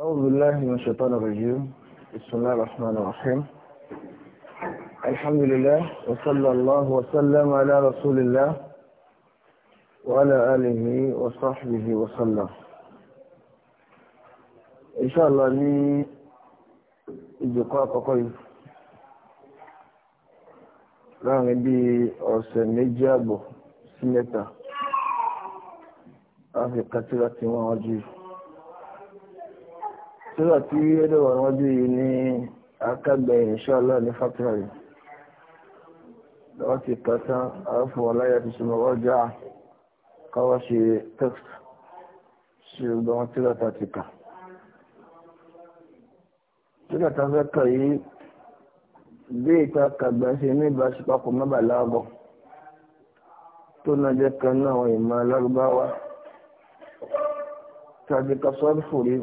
أعوذ بالله من الشيطان الرجيم بسم الله الرحمن الرحيم الحمد لله وصلى الله وسلم على رسول الله وعلى آله وصحبه وسلم إن شاء الله لي ìjọkọ́ àkọ́kọ́ yìí láàrin bí ọ̀sẹ̀ méjì àbọ̀ sí mẹ́ta a tíra tí ó dẹ̀ wà wájú yìí ní akágbẹ̀ ìṣọ́lá ní fátírì lọ́wọ́ ti kàtán àáfò aláyà ti ṣe mọ́wọ́já káwọ́ ṣe text ṣe gbọ́n tíra ta ti kà tíra ta fẹ́ kà yìí bí ìta kàgbẹ́ ṣe ní ìbáṣepapọ̀ mẹ́bàlá ọgbọ̀n tó náà jẹ́ kan náà ìmọ̀ lárúbáwá tàbí kasọ́ọ̀fù rí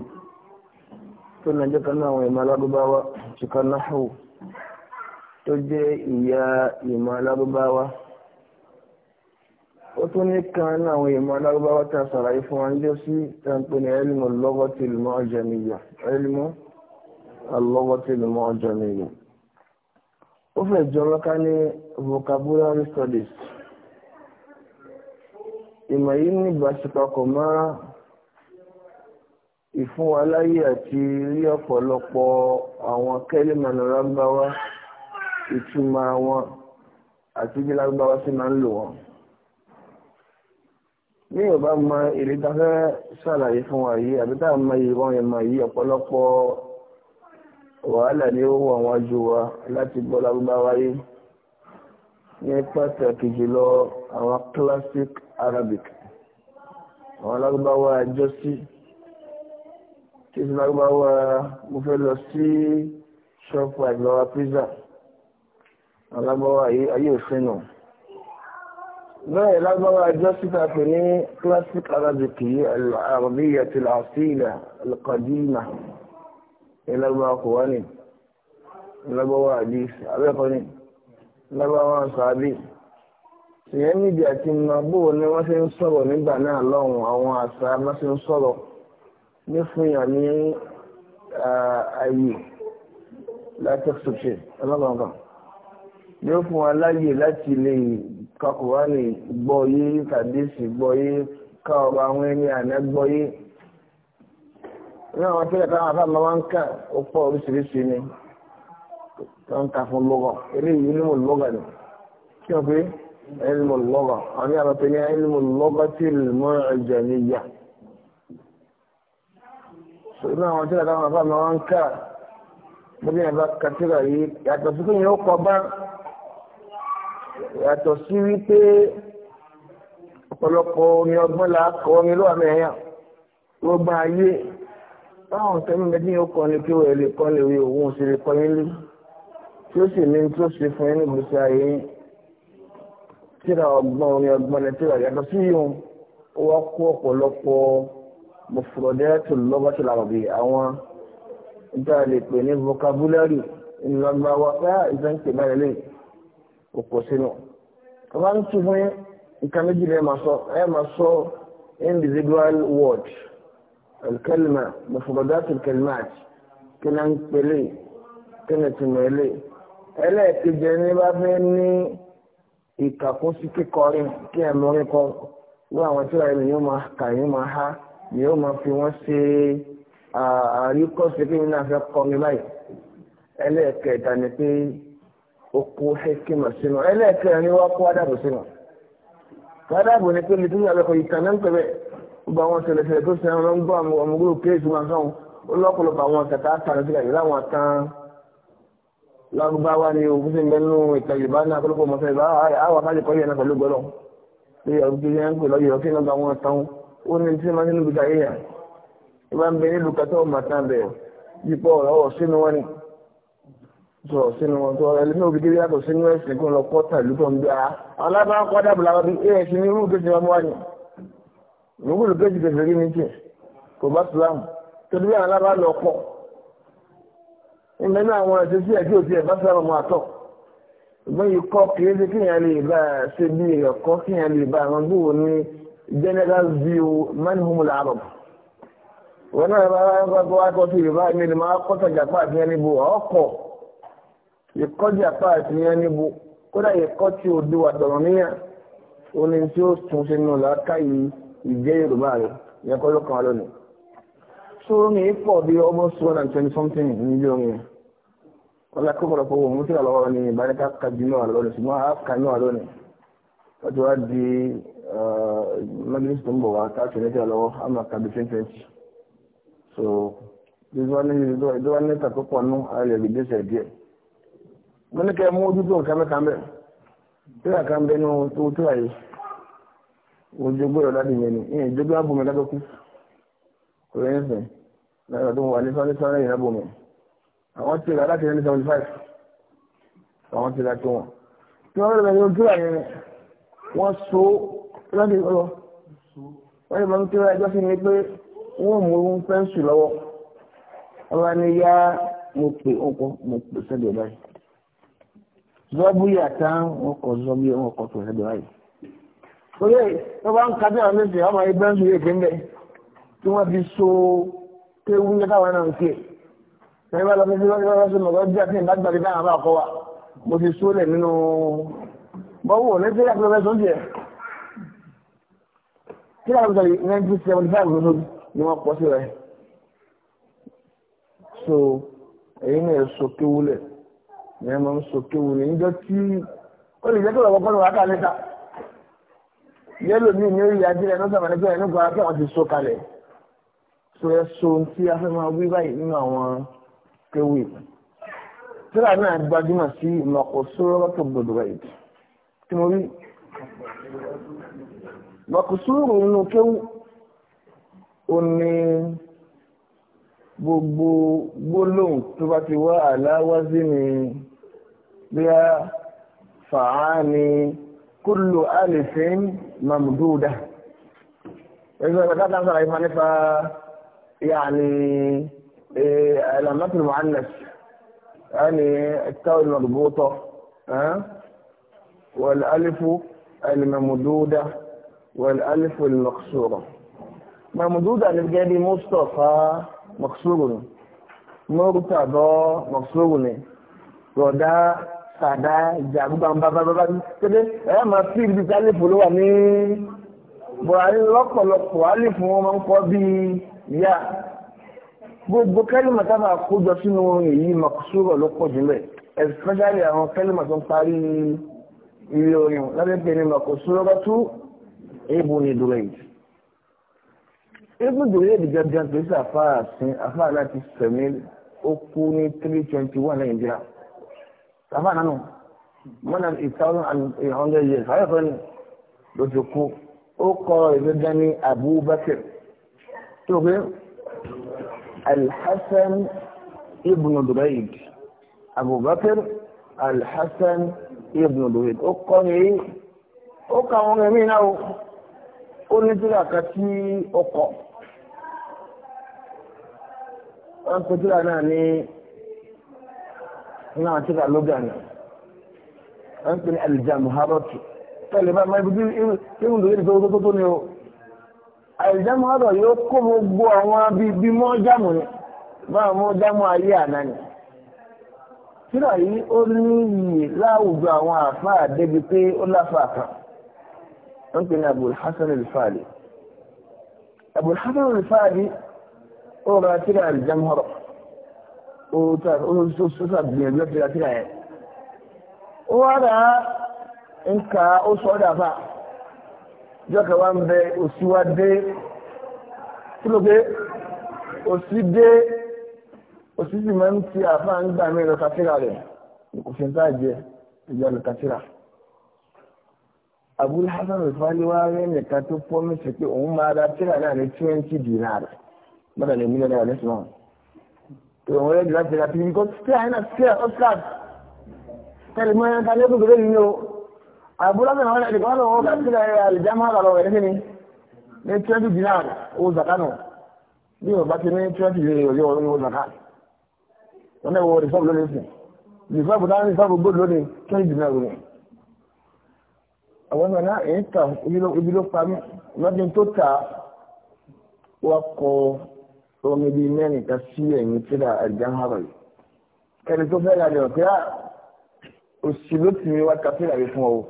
tó ní ẹjọ́ kan náà àwọn ìmọ̀ alágbábáwá ṣùkọ́ náhù tó jẹ́ ìyá ìmọ̀ alágbábáwá ó tún ní kan náà àwọn ìmọ̀ alágbábáwá tá a sàlàyé fún wa níjọ́ sí tàǹpé ní ẹlìmọ̀ lọ́wọ́ tí ìlmọ̀ ọjà nìyà ẹlìmọ̀ lọ́wọ́ tí ìlmọ̀ ọjà nìyà ó fẹ́ jọ lọ́ká ní vocabulary studies ìmọ̀ yìí ní ìbáṣepọ̀ kò máa ìfún wa láyé àti rí ọ̀pọ̀lọpọ̀ àwọn kẹ́límọ̀nà lágbáwá ìtumọ̀ wọn àti bí lágbáwá sí máa ń lò wọn. ní yorùbá mọ èrè tá fẹ́ ṣàlàyé fún wa yìí àbí tá a mọ iye wọn ìmọ̀ yìí ọ̀pọ̀lọpọ̀ wàhálà ni ó wọ̀ wọ́n ju wa láti gbọ́ lágbáwá yìí ní pàtàkì jùlọ àwọn classic Arabic àwọn lágbáwá jọ́sí. Si tí ìsinmi agbáwa mo fẹ́ lọ sí ṣọ́ọ̀pù àgbàwa pizza alágbáwa ayé òfin nù bẹ́ẹ̀ lágbáwa ẹjọ́ síta pè ní classic arabic yìí al-arabiyya al-asila al-qadima ìlágbáwa kò wá ní lágbáwa hadith abẹ́kọ́ ní lágbáwa ìyẹn níbi àti mọ bóun ni wọ́n ṣe ń sọ̀rọ̀ nígbà náà lọ́hùn àwọn àṣà bá ṣe ń sọ̀rọ̀ ní fún yàn ní ààyè láti ṣùṣe ọlọ́gbọ̀ngàn ní ó fún wa láyè láti lè kakùránì gbọ́yé kàdísì gbọ́yé ká ọba àwọn ẹni àná gbọ́yé ní àwọn tí ẹ̀ka àwọn afáàmọ́ máa ń kà ó pọ̀ oríṣiríṣi ni tó ń ta fún lọ́gọ̀ eléyìí ní mo lọ́gọ̀ ni kí wọ́n pé ẹni mo lọ́gọ̀ àwọn ní àwọn tó ní ẹni mo lọ́gọ̀ tí mo rẹ̀ jẹ̀ níyà inú àwọn tíra táwọn àbá máa ń kà níbi àbá kàtíra yìí yàtọ̀ sí kéèyàn ó kọ bá yàtọ̀ sí wípé ọ̀pọ̀lọpọ̀ omi ọgbọ́n la kọ omi ló wà mẹ́yà gbogbo ayé báwọn nǹkan mímẹ́ tí yóò kọ́ ni kí wọ́n lè kọ́ lè wí òun sì lè kọ́ yín lé tí ó sì ní tí ó ṣe fún yín nígbèsí ayé yín tíra ọgbọ́n omi ọgbọ́n ni tíra yàtọ̀ sí yìí ó wá kó ọ̀pọ̀lọpọ̀ ọ̀pọ̀ mufradatul lughatil arabiyya àwọn ìjà lè pè ní vocabulary ìlọgbàwọ pé ìjọ́nkè náà lè òpó sínú. Bàbá ń tún fún nǹkan méjì lè máa sọ ẹ máa sọ individual word alkalima mufradatul kalimat kí náà ń pèlè kí náà tún mẹ́lẹ̀ ẹlẹ́ẹ̀kejì ní bá fẹ́ ní ìkàkùn sí kíkọrin kí ẹ̀ mọ́rin kọ wọ́n àwọn tí wàá ni ó máa fi wọ́n ṣe àríkọ́sí pé nínú àfẹ́ kọ́ mi báyìí ẹlẹ́ẹ̀kẹta ni pé ó kó hẹ́kìmọ̀ sínú ẹlẹ́ẹ̀kẹrin ni wọ́n kó ádàbò sínú ádàbò ni pé lẹ́tọ́jú àbẹ́kọ̀ ìtàn náà ń pẹ̀lẹ́ gbogbo àwọn ṣẹlẹ̀ṣẹlẹ̀ tó ṣẹlẹ̀ ló ń gbọ́ àwọn ọmọ gbogbo kéésì máa sọ̀hún ó lọ́pọ̀lọpọ̀ àwọn ṣẹ̀tà àtàrà sílẹ̀ yìí láwọn tán lárúbáwá ni òkú sí mẹ́nu ìtàn yorùbá náà kọ́lọ́pọ̀ mọ́tò yorùbá àwọn akájọpọ̀ yẹn náà pẹ̀lú gbọ́dọ̀ ó ní tí ma nílùú ìgbà yíyà ìbá ń bẹ nílùú kátó màtá bẹ̀ yípo ọ̀rọ̀ ọ̀rọ̀ sínú wọn ni sọ̀rọ̀ sínú wọn tó ọ̀rọ̀ ẹlẹ́mí òbí débí yàtọ̀ sínú ẹ̀sìn kó lọ kọ́ tàlú tó ń bí a alábàá kọ́ dàbòlà wọn bí ẹ̀ ṣe ní irú kéjì wọn wá ni irú kéjì kẹfẹ́ rí ní tiẹ̀ kò bá sùlámù tó dúró alábàá lọ kọ́ ìmẹ́nu àwọn ẹ̀sìn sí ẹ̀jẹ̀ òtí ẹ̀ bá sùlámù àtọ̀ ìgbọ́n yìí kọ́ kì í general view man humul arab wannan ba ba ba wa ko ti ba mi ma ko ta japa ti ni bu oko ye ko japa ti ni bu ko da ye ko ti o du wa do ni ya o ni ti o tún se nu la kai ìjẹ́ Yorùbá rẹ̀ ye ko lo kan lo ni so mi po bi almost 120 something ni yo ni wala ko ko ko mo ti ala wa ni ba ka ka jinu ala lo ni mo ha ka ni ala ni ko do di mẹ́bílísì tó ń bọ̀ wá káàkiri ẹjọ́ lọ́wọ́ àmà kàbí twenty so ìdí wá ní ìta tó pọ̀ nú ayẹyẹ ìgbésẹ̀ díẹ̀ mo ní kẹ́ mú ojú tó nǹkan mẹ́ta mẹ́ tíra kan bẹ́ nú tó tíra yìí ojú gbọ́dọ̀ láti yẹn ni ìyẹn ìjọba àbùmí lábẹ́kú kò rí ẹ̀sìn lára tó wà ní sọ́ọ́lẹ́ sọ́ọ́lẹ́ yìí lábùmí àwọn ti rà láti ní seventy five àwọn ti rà tó wọn tí wọ́n rẹ̀ lọ́wọ́ tíra yẹn wọ́n so lọ́dún lọ́wọ́ wọ́n lè máa ń kí wọ́n ẹjọ́ ni pé wọ́n mú un pẹ́ńsù lọ́wọ́ ọba ni yá mo pè ọkọ mo pè sẹ́dẹ̀ báyìí zọ́bù yàtá wọn kọ̀ zọ́bù yẹn wọn kọ̀ tó sẹ́dẹ̀ báyìí. Oye tó bá ń ka bí àwọn méjì ọmọ yìí pẹ́ńsù yìí fi ń bẹ̀ tí wọ́n fi so kéwú ní káwọn náà ń ké. Ṣé bá lọ sí sí lọ́wọ́ sí mọ̀gọ́ bí àti ìbágbàdì dáhà bá kọ́ wa mo ti sólẹ̀ nínú bọ́wọ́ ní kí láwọn sọ yìí nineteen seventy five ló lóbi ni wọ́n pọ̀ sí rẹ̀ so èyí ni èso kéwulẹ̀ ni ẹ máa ń so kéwulẹ̀ níjọ́ tí ó lè jẹ́ kí ọ̀rọ̀ kọ́ni wákà lẹ́ta yẹ́lò mi ní orí adé ẹnu sábà nígbà ẹnu gbà kí wọ́n ti so kalẹ̀ so ẹ so ohun tí a fẹ́ máa wí báyìí nínú àwọn kéwì tíra náà gbajúmọ̀ sí ìmọ̀kòsóró tó gbòdò rẹ̀ tí mo rí mọ̀kùsùrù nínú kéwù ó ní gbogbo gbólóhùn tó bá ti wá àláwází ni bí a fàá ni kúlù alìfín mamduda ẹgbẹ́ ọ̀gá tá a sọ̀rọ̀ ìfọ̀ nípa yàní alamatu muannas yàní ẹ̀tọ́ ìmọ̀gbọ́tọ̀ wal alifu al والألف المقصورة ممدودة للجابي مصطفى مقصور مرتضى مقصور رضا sàdá ìjà gbogbo àwọn bàbá bàbá kéde ẹ máa fi ibi tí alifu ló wà ní buhari lọ́pọ̀lọpọ̀ alifu wọn máa ń kọ bíi ya gbogbo kẹlímà tábà kójọ sínú èyí makusuro ló pọ̀ jùlọ especially àwọn kẹlímà tó ń parí ilé orin lábẹ́ pé ní makusuro bá tú ibn Durayd ibn Durayd gẹ́gẹ́ pé sàfà àsìn àfà láti sẹ̀mí ó kú ní three twenty one lẹ́yìn jẹ́ sàfà nánú more than eight thousand and eight hundred years àyẹ̀fọ́ ni ló ti kú ó kọ́ ìgbẹ́gbẹ́ ní Abubakar tó pé Al-Hasan ibn Durayd Abubakar Al-Hasan ibn Durayd ó kọ́ ní ó kà wọ́n rẹ̀ mí náà ó ní tíra kan tí ó kọ̀ wọ́n pe tíra náà ní náà tíra lóga ni wọ́n pe ní alìjàmùhárọ̀tì tẹ́lẹ̀ bá máa ibi tí tó tó tó ni o alìjàmùhárọ̀ yóò kó gbogbo àwọn bíi mọ́ jámù ni báwọn mọ́ jámù ayé àná ni tíra yìí ó ní iyì wọ́n pè ní Abul Hasan al-Fali Abul Hasan al-Fali ó ra tíra al-Jamhara ó sọ́sà gbìyànjú tíra tíra yẹn ó wá ra nǹka ó sọ ọ́ dàbà jọ́kà wá ń bẹ òsíwá dé kí ló dé òsí sì máa ń ti àfáà ń gbà mí lọ kátírà rẹ̀ kò fi ìjọ lọ kátírà rẹ̀ abul hasan rufani wá rẹ́ nìkan tó promise pé òun máa ra tíra náà ní twenty dinar mọ́tà ní mílíọ̀nù náírà lẹ́sìn náà tó òun rẹ́ dìrá tíra tí nǹkan tíra náà tíra oscars tẹ̀lé mọ́ ẹ̀ka ní ẹ̀kọ́ kúrẹ́ yìí o abul hasan wọn ẹ̀ka wọn lọ́wọ́ ká tíra ẹ̀ alìjámá lọ́wọ́ ẹ̀ ní ní twenty dinar owó zakano bí o bá ti ní twenty dinar yóò yọ owó zakano wọn náà wọ rìsọ́ọ̀bù lónìí àwọn ọ̀nà èyí tà ibi ló pa mí lọ́dún tó tà wọ́n kọ orin bíi mẹ́rin ká sí ẹ̀yìn tí ra ẹ̀gbẹ́ hàrọ̀ yìí kẹ́ni tó fẹ́ ra lẹ́yìn pé òsì ló ti mi wá ta fíra yìí fún ọ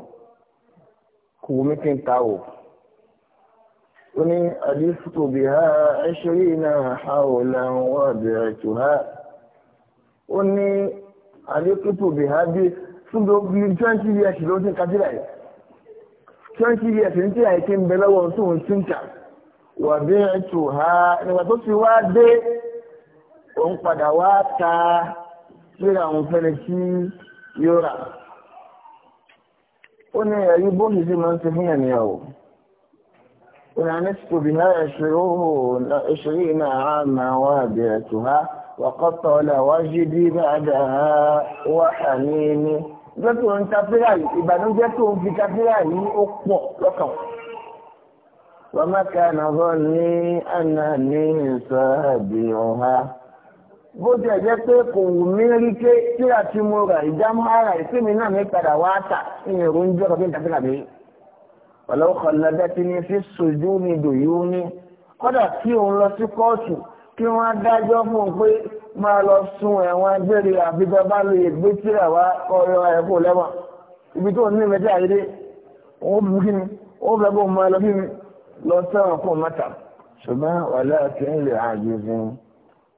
kò wọ́n mi kí n ta o ó ní àdífùtò bí ha ẹṣẹ́ yìí náà ha ò lẹ́hìn wọ́n bẹ̀rẹ̀ tó ha ó ní àdífùtò bí ha bí fún bí twenty years ló ti ń ka fíra twenty years ní tí àìkí ń bẹ lọ́wọ́ tó ń sínkà wà bí ètò ha nígbà tó ti wá dé òun padà wá ta síra àwọn fẹ́rẹ̀ sí yóò ó ní ẹ̀rí bóòlù sí máa ń ṣe fún ẹ̀mí ọ̀ إن نسك بها عشرين عاما وابعتها وقد طال وجدي بعدها وحنيني ìjọ tó ń ta fẹ́rà yìí ìbànújẹ́ tó ń fi ta fẹ́rà yìí ó pọ̀ lọ́kàn. wọ́n má ka nàbọ̀ ní àná ní ìsọ̀rọ̀dì ọ̀há. bó ti ẹ̀ jẹ́ pé kò wù mí rí pé fẹ́rà tí mo rà ìjámọ́ ara ìsinmi náà mi padà wá tà ní ìrù ń jọ́rọ̀ bí n ta mi. ọ̀lọ́ kọ̀lọ́dẹ́ ti ní fi sojú ní dòyú ní kọ́dà kí òun lọ sí kóòtù kí wọ́n adájọ́ fún un pé máa lọ sun ẹ̀wọ̀n gbére àbíjọ bá lè gbé tí àwa ọyọ ẹ̀kọ́ lẹ́wọ̀n ibi tó ní ìrẹ́jẹ́ àyèdè òun bú kí ni ó fẹ́ bó máa lọ kí ni lọ sẹ́wọ̀n fún mẹ́ta ṣùgbọ́n wàhálà kì í lè àjèjì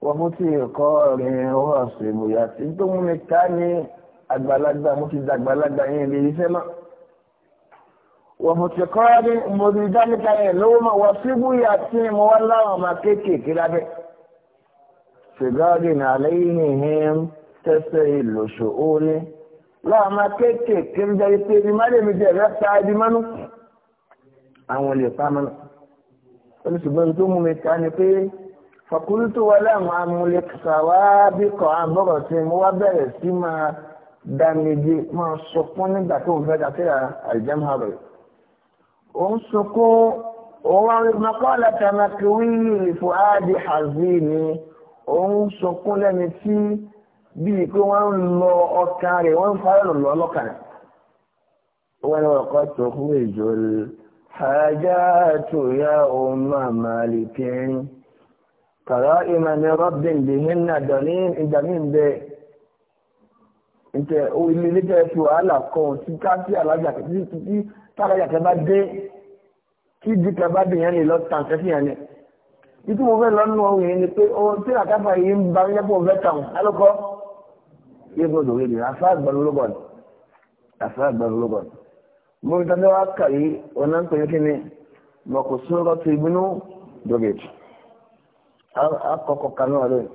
wọ́n mú tí ẹ̀kọ́ rẹ̀ wọ́n ọ̀sẹ̀ ìbòyà tí tó mú mi ká ní àgbàlagbà mo ti dàgbàlagbà yẹn lè rí sẹ́mọ́ wọ́n mo ti kọ́ ní mo ti dá yẹn lówó اعتقاد عليهم تسهل شؤونه لا ما كيف كم جاي تيجي ما لي مجال رفع عادي منو أول يقام قلت بنتم ميكانيكي فقلت ولا أملك سوابق عبرة وبرس ما دانيجي ما سكون داكو فجأة كده الجمهور أمسكو وما قال تمكوي لفؤاد حزيني òun sọkún lẹ́ni tí bíi pé wọ́n ń lọ ọkàn rẹ̀ wọ́n ń farẹ́ lọ lọ́kàn rẹ̀. wọ́n lọ kọ́ tó fún ìjọ àjá tó yá òun máa máa lè kẹrin kàrá ìmọ̀ni rọ́bìn bìhín náà dọ̀ní ìdàmí ń bẹ ntẹ ilé ilé tẹ fi wàhálà kọ tí ká sí alájà tí tí tálájà tẹ bá dé kí dìkà bá bìyàn lè lọ tàǹtẹ́ ni títí mo fẹ́ lọ́nà ọ̀hún yìí ni pé ọwọ́ tí àtàfà yìí ń ba nílẹ̀ pọ̀ fẹ́ tàn alọ́kọ́ yé gbọdọ̀ wẹ̀ ni afa àgbàlú ló bọ̀n afa àgbàlú ló bọ̀n mo ń tàbí wá kà yìí ọ̀nà ń pè kíni mo kò sọ̀rọ̀ tó ibinú dọ̀gẹ̀ akọkọ kanú rẹ̀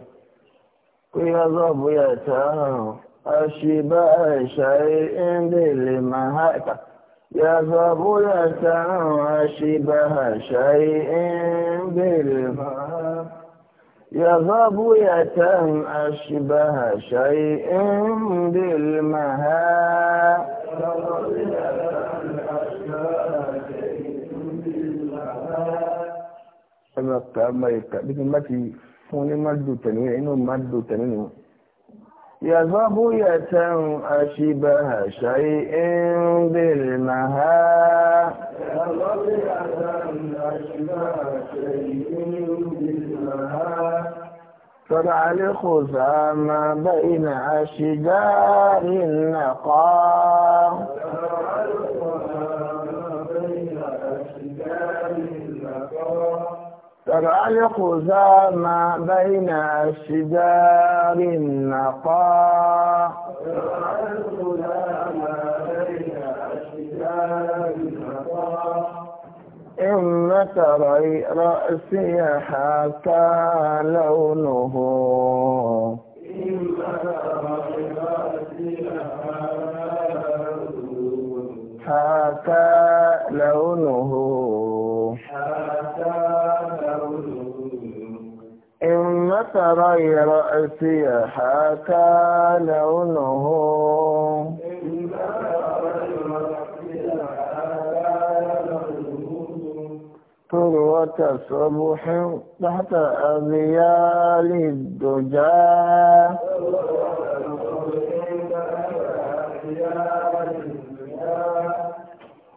pé ọzọ bóyá ẹ̀tàn àṣìbá ẹ̀ṣà ẹ̀ ń lè lè máa ha ẹ̀ka. يغبلة وشبه شيء بالماء يغبية أشبه شيء بالماء يغبية أشبه شيء بالماء يتم أشبه شيء بالمها فالعلق فما بين أشجار النقاء تعلق ذا ما بين الشجار النقاء إن تري رأسي حتى لونه حتى لونه إن تري رأسي حكى لونه ثروة صبح تحت أذيال الدجى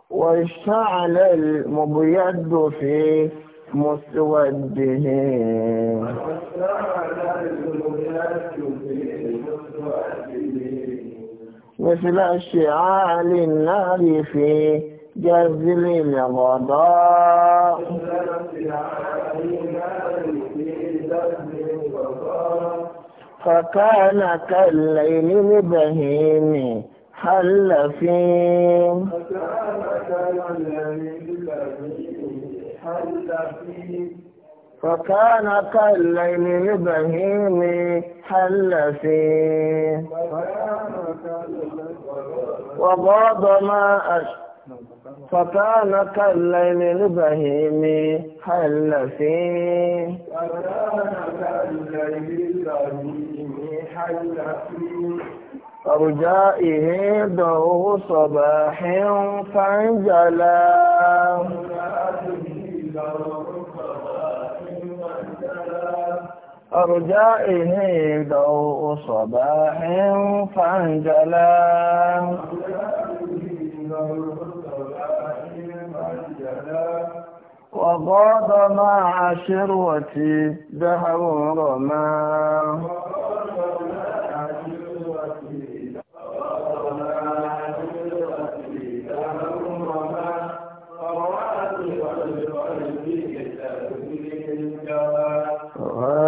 واشتعل المبيد فيه مسوده مثل شعال النار في جزل الغضاء فكان كالليل البهيم حل فيه فكان كالليل البهيم فكان كالليل لبهيم حل فيه وغاض ما أش فكان كالليل لبهيم حل فيه فكان كالليل لبهيم حل فيه أرجائه ضوء صباح فانجلى أرجائني ضوء صباح فانجلا وغاض مع شروتي دهر رماه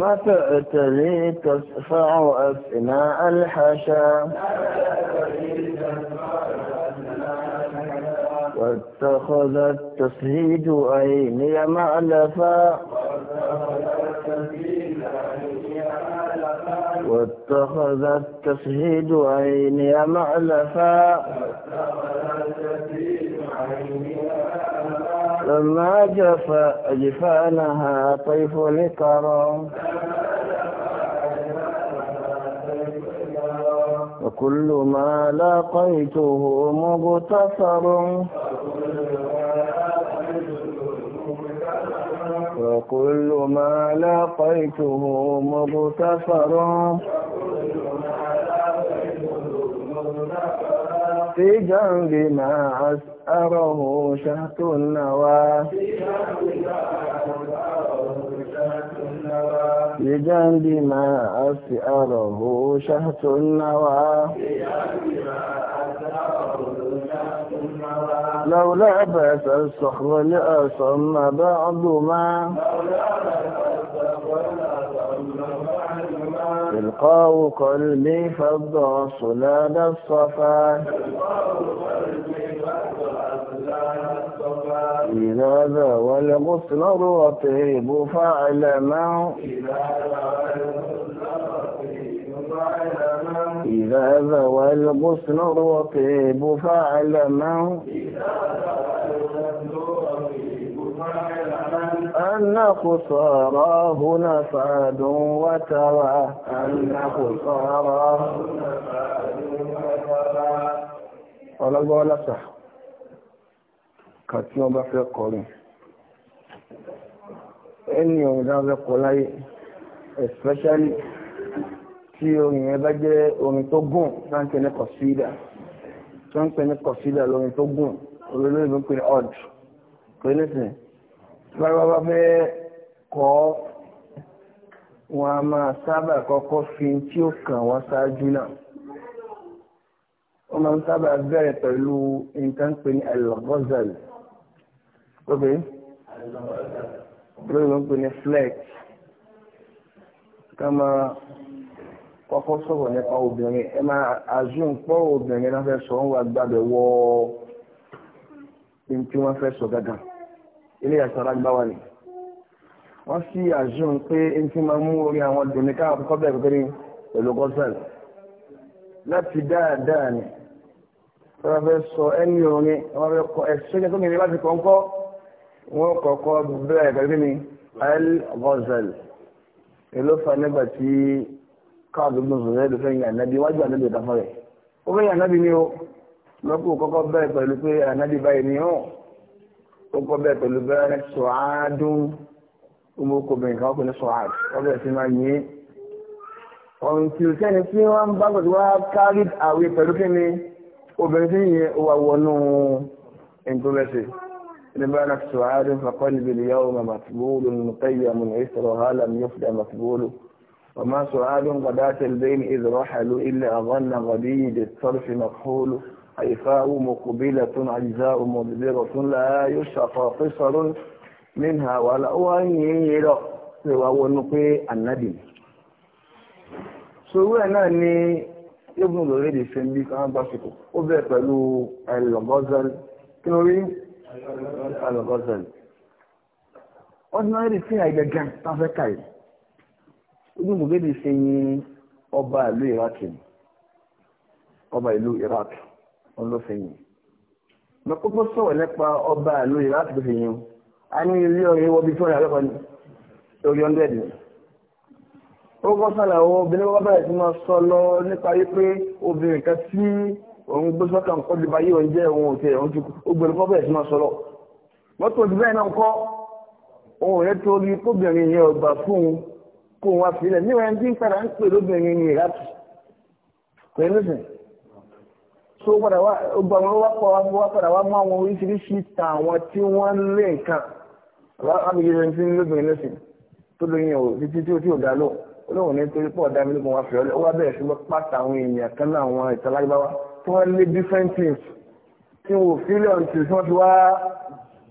ما تعتلي لي تسفع أثناء الحشا واتخذ التسهيد أيني مألفا واتخذ التسهيد أيني مألفا لما جف جفانها طيف لقرا وكل ما لقيته مغتصر وكل ما لقيته مغتصر في جنب ما أسأره شهت النوى في جنب ما أسأره شهت النوى لولا بس الصخر لأصم بعض ما لو لبس ألقاه قلبي فضع صلاد الصفا إذا ذا والغسل الرطيب فاعلما إذا ذا والغسل الرطيب فاعلما إذا ذا أن قصاراه نفاد وترى أن قصاراه ọlọ́gbọ́ ọlọ́sà kàtí wọ́n bá fẹ́ kọrin ẹni ọ̀rìn dáa fẹ́ kọ especially tí orin yẹn bá jẹ́ orin tó gùn láti ní kọ̀sídà tó ń pè ní kọ̀sídà lórin tó gùn olólùfẹ́ pé ọ̀d pé nísìnyí bábá fẹ́ kọ́ wọn a máa sábà kọ́kọ́ fi tí ó kàn wọ́n ṣáájú náà wọ́n máa ń sábà bẹ̀rẹ̀ pẹ̀lú nǹkan pé ní alọ́gọ́zẹ̀lì pé lórí wọn pè ní flex ká máa kọ́kọ́ sọ̀rọ̀ nípa obìnrin ẹ máa azún pọ́ obìnrin náà fẹ́ sọ wọ́n wá gbàgbẹ́ wọ́ ohun tí wọ́n fẹ́ sọ gàgàn ilé ẹ̀sọ́ alágbáwa ni wọ́n sì àjùm pé n ti máa mú orí àwọn dùnmí káwọn kọ́kọ́ bẹ̀rẹ̀ pẹ̀lú pẹ̀lú gọ́sẹ̀l láti dáadáa ni wọ́n fẹ́ sọ ẹni orin wọ́n fẹ́ kọ ẹ̀sọ́ yẹn tó kìíní láti kọ́ ńkọ́ wọ́n kọ́kọ́ bẹ̀rẹ̀ pẹ̀lú ni al gọ́sẹ̀l èló fa nígbà tí káàdùn gbọ̀nsọ̀ rẹ̀ ló fẹ́ yàn nábì wájú ànábì ìdáfọ́ rẹ̀ ó fẹ́ yàn nábì ni ó lọ́kùn kọ́kọ́ bẹ̀rẹ̀ pẹ̀lú pé ànábì báyìí ni ó ó kọ́ bẹ́ẹ̀ pẹ̀lú bẹ́ẹ̀ sọ̀ádùn ọmọ okòbìnrin kan kò ní sọ̀ádù wọ́n bẹ̀rẹ̀ sí máa yé ọ̀run tí ó sẹ́ni tí wọ́n ń bá gbọ̀dọ̀ wá kárí àwẹ̀ pẹ̀lú kí ni obìnrin tí yẹn ó wà wọnú ìntòmẹ́sì ní bẹ́ẹ̀ sọ̀ádùn fàkọ́lì bìlì yàwó màmá tìbúlù nù tẹ́yì àmùnà ìsọ̀rọ̀ hàlà mi yóò fi dà màtìbúlù وما سعاد غداة البين إذ رحلوا إلا أظن غدي بالطرف مكحول حيفاء مقبلة عجزاء مدبرة لا يشفى قصر منها ولا وهير سوى ونقي النبي سوى ناني ابن الغير الشنبي كان باسكو وبيع قالوا الغزل كانوا الغزل ordinary thing àìgẹ̀gẹ̀ tán fẹ́ kàì ojú mùgbé ṣe yin ọba ìlú Iraq ọba ìlú Iraq olófẹ̀yìn mo kókó sọ̀rọ̀ nípa ọba ìlú yìí láti fi yìn a ní ilé ọ̀rẹ́ wọ bí fúnra lọ́kọ̀ ní orí hundred ni ó kọ́ sọ̀rọ̀ àwọn obìnrin wọn bẹ̀rẹ̀ sí máa sọ lọ nípa wípé obìnrin kan tí òun gbé sọ́kàn kọ́ ju báyé òun jẹ́ òun òtẹ̀ òun ti ó gbèrú kọ́ bẹ̀rẹ̀ sí máa sọ lọ wọ́n tó ju bẹ́ẹ̀ náà kọ́ òun rẹ̀ torí kóbìnrin yẹn ò fún un kó wọn fi ilẹ̀ ń tó padà wá gbogbo àwọn wápọ̀ wá padà wá mú àwọn oríṣiríṣi ta àwọn tí wọ́n ń lé nǹkan alábìyẹrẹ ti ń lóbìnrin lẹ́sìn tó lóyún o títí tí o tí o dá lò olóhùn ní torí pọ̀ dá mi lókun wá fìyọ́ wá bẹ̀rẹ̀ sí pàtà àwọn èèyàn kan náà àwọn ìtàlágbáwá tí wọ́n lé different things tí wọ́n fi lé ọ̀n tí wọ́n ti wá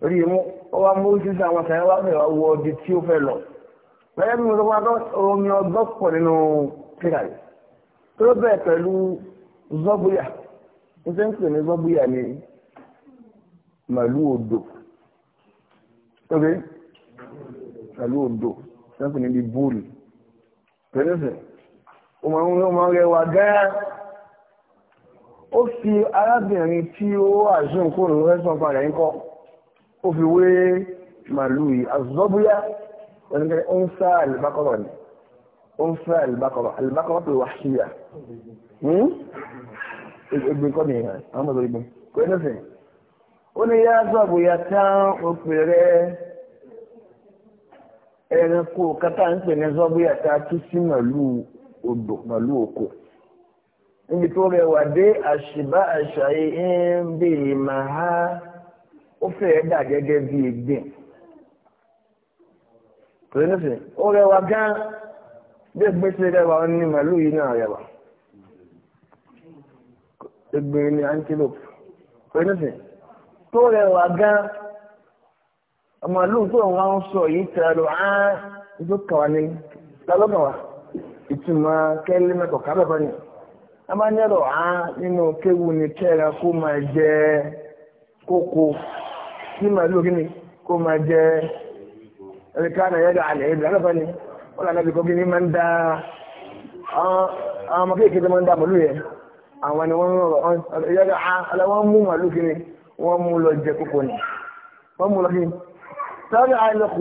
rí i mú wọ́n wá mú oríṣiríṣi àwọn sàn wá fẹ́ wọ ọdí tí ó fẹ́ lọ. bẹ́ẹ̀ ni mo sọ fún wa omi ọgbọ́n pọ̀ nínú kíkà yìí tó bẹ̀ pẹ̀lú zọ́bùyà ó ṣe ń pè ní bọ́búyà ni màlúù odò tóbi màlúù odò ṣe ń pè ní bí bóòlù pẹ̀lẹ́sẹ̀ ó máa ń wọ́n máa rẹwà gan-an ó fi arábìnrin tí ó àṣùn kó ló fẹ́ sọ padà ń kọ́ ó fi wé màlúù yìí àzọ́búyà wọ́n ní ń sá àlùbákọ́rọ̀ ni ó ń sá àlùbákọ́rọ̀ àlùbákọ́rọ̀ pé wàá ṣíyà. Hmm? egbin kọ́ nìyẹn àwọn ọmọ ìgbìn kò ní sìn ó ní yá sọ́ọ̀bù yá tán òpin rẹ ẹranko kátà ń pè ní sọ́ọ̀bù yá tán tú sí màlúù odò màlúù oko níbi tó rẹwà dé àṣìbá àṣàyè ń bè màá ó fẹ́ẹ́ dà gẹ́gẹ́ bí egbin kò ní sìn ó rẹwà gán bí egbin ṣe rẹwà ó ní màlúù yìí náà rẹwà egbèrè ní antelope pẹ̀lúfẹ̀ tó rẹwà gan ọmọlúù tó ń wá ń sọ yìí tẹ̀lé lọ á tó kàn wá ní lálọ́kàn wá ìtumọ̀ kẹ́lí mẹ́kọ̀ọ́ kábẹ́kọ́ ni a máa ń yẹ̀rọ á nínú kéwu ni kẹ́ra kó máa jẹ kókó kí màlúù kí ni kó máa jẹ ẹ̀ríkà náà yẹ̀rọ àlẹ́ ìlú lálọ́kàn ni wọ́n lànà bí kò kí ni máa ń da àwọn ọmọ kéèké tó máa ń da màlúù yẹn àwọn ni wọ́n rọrọ̀ ọ̀yọ́dọ̀ aláwọ̀n mú màlú kí ni wọ́n mú lọ jẹ kókò ní wọ́n mú lọ kí ni sọ́rọ̀ àìlẹ̀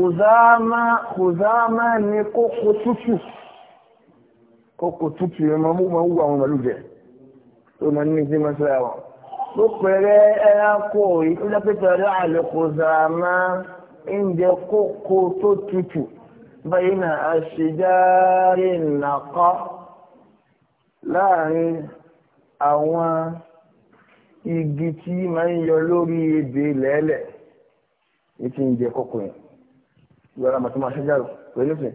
kùzámà ní kókò tútù kókò tútù yẹn máa mú máa wú àwọn màlú jẹ tó máa ní ìdí máa wọn ló pẹ̀rẹ́ ẹranko yìí tó jẹ́ sọ́rọ̀ àìlẹ̀ kùzámà ń jẹ kókò tó tútù báyìí náà àṣejáre nàkọ́ láàrin àwọn igi tí máa ń yọ lórí ebè lẹ́lẹ̀ ní ti ń jẹ kókò yẹn lọ́la màtí máa ṣẹ́jà pẹ̀lú fẹ̀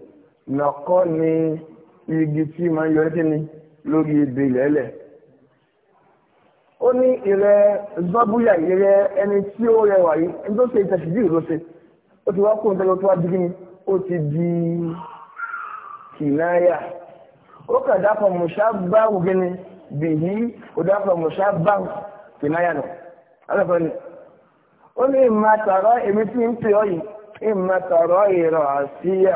nàkọ́ ni igi tí máa ń yọ kíni lórí ebè lẹ́lẹ̀ ó ní ìrẹ zọ́búyà ìrẹ ẹni tí ó rẹwà yìí ẹni tó ṣe ìtẹ̀síjì ló ṣe ó ti wá kó ń tẹ́lẹ̀ tó wá dígí ni ó ti di kìnnáyà ó kàdá kan mùsàgbáwù gíní bihi odafa bank tìmáyà nù ní ìmọ̀ àtàrọ̀ èmi tí ń pè ọ́ yìí ìmọ̀ àtàrọ̀ ìrọ̀ àṣìyà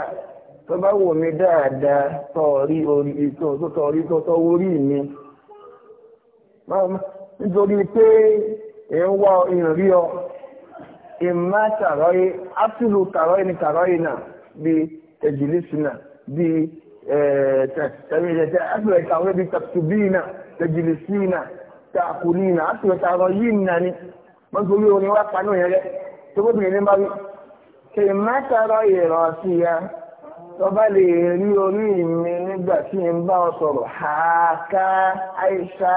tó bá wò mí dáadáa tọ̀rí orí tó tó tọ̀rí tó tọ́ orí mi nítorí pé ẹ̀ ń wá ìrìn ọ ìmọ̀ àtàrọ̀ yìí átìlù tàrọ̀ yìí ni yìí náà bí náà bí tẹ̀jìlìsínà tààkùnínà á sì ọ̀tà yìí nà ni wọ́n orin wá panú yẹn rẹ tó bó bìnrin bá wí. kì má tọrọ ìrọ̀ ya tó bá lè rí orí mi nígbà tí n bá ọ sọ̀rọ̀ hàáká àìsà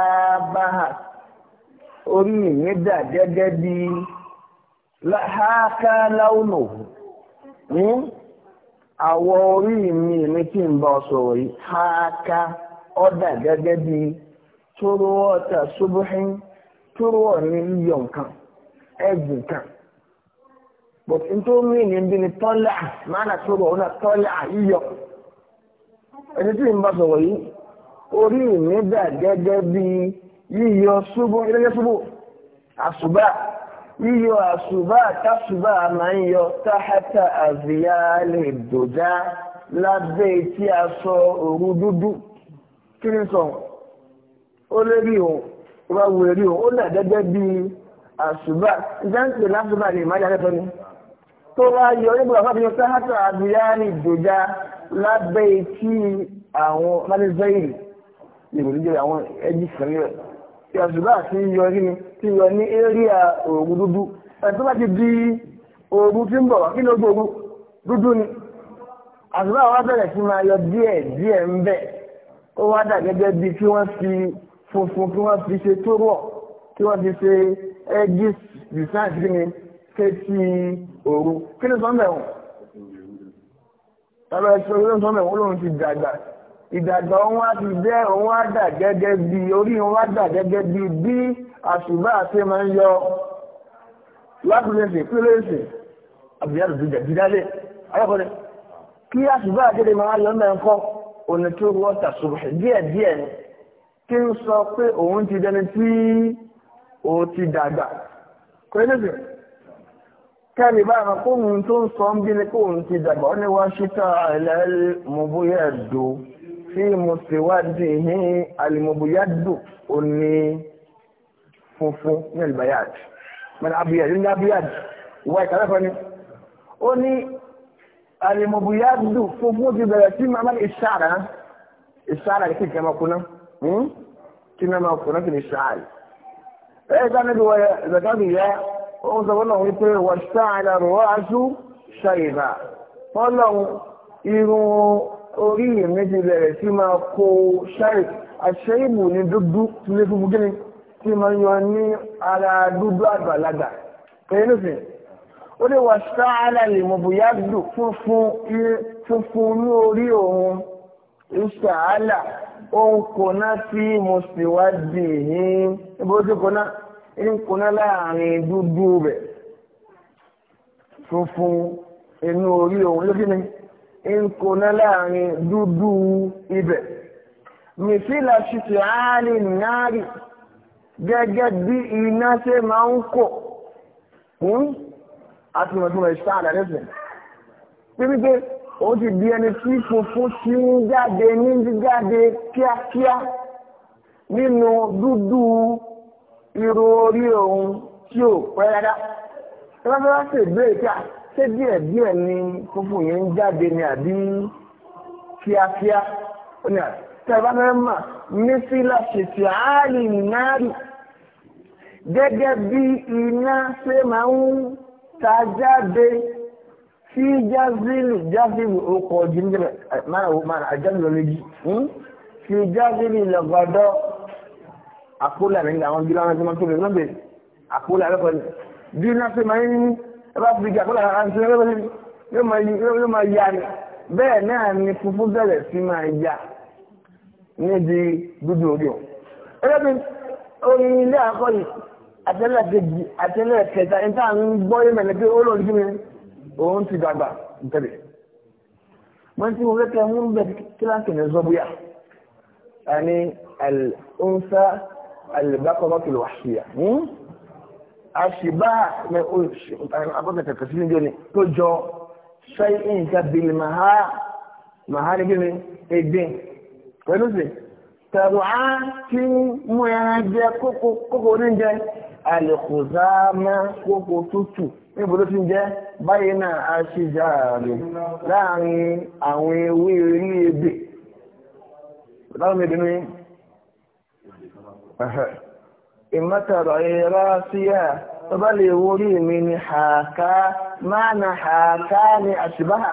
báhà orí mi dà gẹ́gẹ́ bí hàáká láwùnà àwọ̀ orí mi ní kí n bá ọ sọ̀rọ̀ turwata subuhin turuwa ní iyọ̀ nǹkan but ni tọ́lá máa nà turwa ọ̀nà tọ́lá iyọ̀ ẹni tí n bá sọ̀rọ̀ yìí orí mi dà gẹ́gẹ́ bí yíyọ ṣubú gẹ́gẹ́ ṣubú àṣùbà yíyọ àṣùbà táṣùbà máa ń yọ àzìyá lè dòjá lábẹ́ òru dúdú kí ni sọ̀rọ̀. ó lé rí o ó bá wù rí o ó nà gẹ́gẹ́ bí àṣùbà ìjáǹkì lásùbà ní ìmájà lẹ́tọ́ ni tó bá yọ nígbà wà fáfi yọta hátà àbíyáni ìdòjá lábẹ́ etí àwọn mádẹ́sẹ́yìn ìròyìn àwọn ẹjí sẹ́lẹ̀ tí àṣùbà ti yọ ní ti yọ ní éríà òògùn dúdú ẹ̀ tó bá ti di òògùn tí ń bọ̀ wá kí ló gbogbo dúdú ni àṣùbà wa bẹ̀rẹ̀ sí máa yọ díẹ̀ díẹ̀ ń bẹ̀ ó wá dà gẹ́gẹ́ bí kí wọ́n fi funfun kí wọ́n fi ṣe tó rọ̀ kí wọ́n fi ṣe edges design kí ni kéèkì òru kí ni sọ́mọ̀ ẹ̀wọ̀n tàbí ẹ̀ṣọ́ ìlú sọ́mọ̀ ẹ̀wọ̀n lòun ti dàgbà ìdàgbà òun á ti jẹ́ òun á dà gẹ́gẹ́ bí orí òun á dà gẹ́gẹ́ bí bí àṣùbà àti máa ń yọ láti lè ṣe pílẹ̀ ṣe àbíyá tó ti jẹ̀bi dálé alákọ̀ọ́lẹ̀ kí àṣùbà àti máa yọ mẹ́ńkọ́ òní tó rú ọ̀tà ṣùgbọ́n díẹ̀ ni kí ń sọ pé òun ti dẹni tí ó ti dàgbà kò ní bẹ̀ kẹ́lì bá àwọn tó ń sọ ń bí ní kóhun ti dàgbà ó ní wá ṣíta àìlẹ́lẹ́ mọ̀bóyá ẹ̀dọ́ tí mo sì wádìí ní àlìmọ̀bóyá dò ó ní funfun ní àlìbáyàd mẹ́rin abiyad ní abiyad ìwà ìkàlẹ́ ni ó ní àlìmọ̀bóyá dò funfun ti bẹ̀rẹ̀ sí mamman ìṣàrà ìṣàrà kékeré ọmọkùnrin Hmm? kí ni ọmọ ọkùnrin kì í ṣáàlì ẹ dánábi wọ zakabi yẹ òun sọ fọlọ́n wípé wọ́n ṣáàlà rọ̀ aṣú ṣàyèbà fọlọ́n irun orí méjì bẹ̀rẹ̀ sí máa kó ṣáì àṣẹ́yìnbù ní dúdú tí lè fún gíní tí máa yọ ní ara dúdú àgbàlagbà pẹ̀lú nìfẹ́ ó lè wà ṣáàlà lè mọ̀ bóyá dùn funfun ní orí òun ìṣàálà ó ń kóná sí mùsùlùmí ní ibi ó ti kóná ń kóná láàrin dúdú rẹ̀ funfun inú orí òun ló kí ni ń kóná láàrin dúdú ibẹ̀ mìsílà ṣìṣì àárín náàrí gẹ́gẹ́ bí iná ṣe máa ń kò àti mọ̀tún ẹ̀ sáà dàdẹ́sẹ̀ pípípé ó ti di ẹni tí funfun ti ń jáde ní jíjáde kíákíá nínú dúdú irun orí òun tí ò pẹ́ rárá. ẹ bá fẹ́ wá ṣègbè ìta ṣé díẹ̀ díẹ̀ ni funfun yẹn ń jáde ní àbí kíákíá ó ní àbí tẹ̀bá fẹ́ mà ní sílá ṣètì gẹ́gẹ́ bí iná ṣe máa ń ta jáde tí jazili jazili ó kọ jí níjẹ́ máa wò máa àjálù lórí tí jazili lọ́gọ́dọ́ àpólà nígbà àwọn bí láwọn tí wọ́n tó lè lọ́bẹ̀ àpólà lọ́kọ̀ ní bí náà ṣe máa ń bá fi gà àpólà àti yóò máa ya ni bẹ́ẹ̀ náà ni funfun bẹ̀rẹ̀ sí máa ya níbi dúdú orí o. ẹlẹ́bi orin ilé àkọ́yì àtẹ́lẹ̀ kẹta níta ń gbọ́ yé mẹ́lẹ́ pé ó lòdì kí ni òun ti dàgbà ntẹ̀lẹ̀ wọ́n ti mú kẹ́kẹ́ mú bẹ́ẹ̀ kíláàsì ní zọ́bíà àní al-unsa al-baqaratu al-wahshiya àṣìbá abọ́kẹ̀tẹ̀ kẹsí ní jẹ́ni tó jọ ṣáyé nǹkan bìlì màá màá ní gíní ẹgbẹ́ pẹ̀lú sí tẹ̀rù á tí mú ẹran jẹ kókó oníjẹ àlèkùzámẹ́ kókó tútù níbo ló ti ń jẹ́ báyìí náà a ṣe jáàrè láàrin àwọn ewé orí ebè láwọn èdè ní ìmọ́tàrọ̀ ìrọ́ sí ẹ̀ tó bá lè wórí mi ni hàáká máa na hàáká ni àṣìbáhà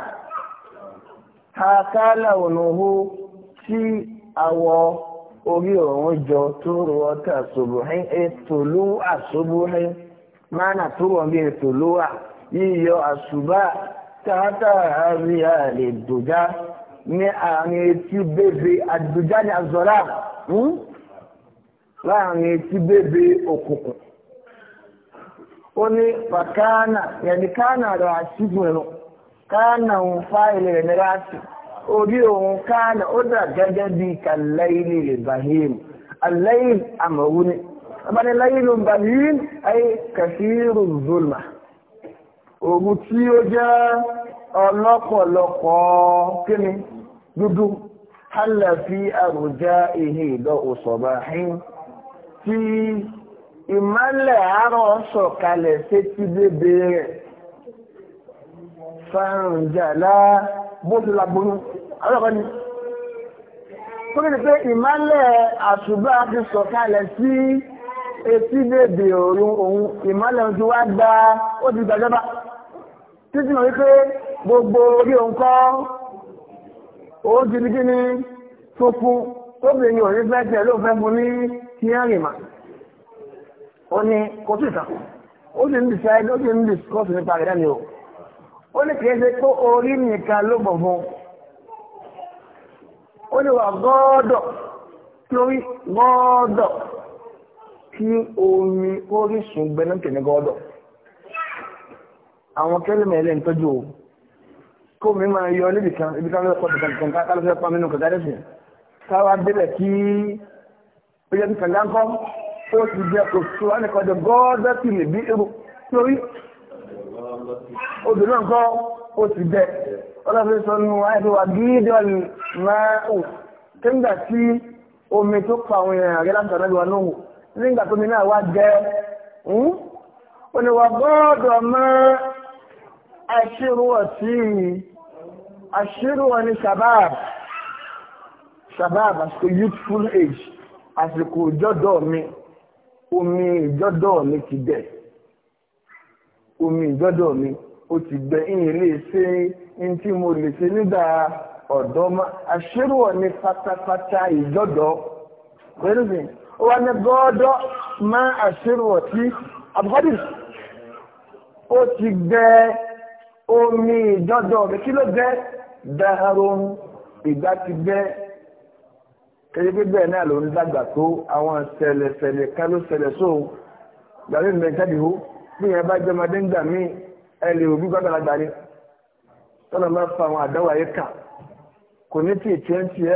hàáká láwọnàwó tí àwọ̀ orí òun jọ tó rọ̀ mana tó wọ́n bí ètò ló wà a àṣùbà tààtà àárín àlè dòjá ní àárín etí bèbè àdòjá kaana ó ní pàkánà yẹni kánà rẹ̀ àṣìkò kánà òun fáìlì rẹ̀ nira sí orí òun kánà ó dà gẹ́gẹ́ bíi kàlẹ́ ilé ìbàhìm àlẹ́ àmọ̀wúni. abáni láyínú bàbíyín ayé kàfíìrù zulma ògùn tí ó jẹ́ ọlọ́pọ̀lọpọ̀ kíni dúdú hálà fi àròjá ihe ìdọ́ òṣọ̀bà hìn tí ìmọ́lẹ̀ àárọ̀ sọ̀kalẹ̀ sétí bébé rẹ̀ fàrùjàlá bó ti lagbóyún alọ́kọ́ ni tó kéde pé ìmọ́lẹ̀ àṣùbà ti sọ̀kalẹ̀ sí etí bèbè òun òun ìmọ́lẹ̀ ti wá gba ó ti gbàjọba títí mọ̀ wípé gbogbo orí òun kọ́ òun ti di kíni funfun tó bèèrè ní òní fẹ́ tẹ̀ ló fẹ́ fún ní kíárìmà ó ní kò sí ìtàn ó sì ń decide ó sì ń discuss nípa rẹ̀ ní o ó ní kìí ṣe kó orí nìkan ló bọ̀ fún ó ní wà gọ́ọ̀dọ̀ torí gọ́ọ̀dọ̀ kí omi orísun gbẹ́nàkè ní gọ́ọ̀dọ̀ àwọn kẹ́lẹ́mẹ̀ ẹlẹ́ ń tọ́jú o kó mi máa yọ níbi kan ibi kan lọ́kọ̀ tó kankan ká lọ́sẹ̀ pa mí nù kọ̀ọ̀dá dẹ́sìn káwá débẹ̀ kí ó yẹ kí kàngá ń kọ́ ó ti jẹ́ kò tó wá ní kọjọ gọ́ọ̀dọ̀ sì lè bí ewu torí odò náà nígbà tó mi náà wá jẹ́ hmm? ó ní wà gbọ́dọ̀ mọ́ àṣírùwọ̀ sí àṣírùwọ̀ ní shabab shabab àsìkò youthful age àsìkò ìjọ́dọ̀ mi omi ìjọ́dọ̀ mi ti dẹ̀ omi ìjọ́dọ̀ mi ó ti gbẹ ìyìn lè ṣe ní tí mo lè ṣe nígbà ọ̀dọ́ àṣírùwọ̀ ní pátápátá ìjọ́dọ̀ pẹ̀lú wani gọ́ọ́dọ́ má àṣírò tí abdulkadir ó ti gbẹ omi ìjọ́dọ̀ rẹ̀ kí ló gbẹ dáhàrún ìgbà ti gbẹ kẹjẹ pé bẹ́ẹ̀ náà ló ń dàgbà tó àwọn ṣẹlẹ̀ṣẹlẹ̀ kan ló ṣẹlẹ̀ sóhun gbàmí ni tọ́lọ̀ máa fa àwọn àdáwà yẹn kà kò ní tí ì tiẹ́ ń tiẹ́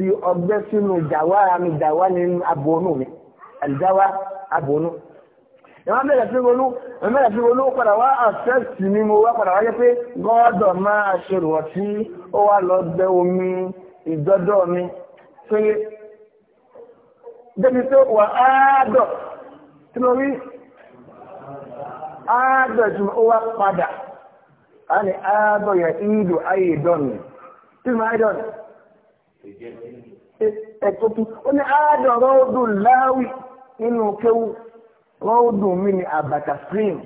fi ọgbẹ́ sínú Amị àmì ní abòónú mi àlìjáwá abòónú. ìwọ́n bẹ̀rẹ̀ sí ronú ìwọ́n bẹ̀rẹ̀ ronú padà wá àṣẹ́sì mo wá padà wáyé pé gọ́ọ̀dọ̀ mi débi wà tí mo rí tí a ní ayé mi. ẹ̀tọ́tù ó ní àádọ́ rọ́ọ̀dù láwì nínú kéwù rọ́ọ̀dù mi ni àbàtà cream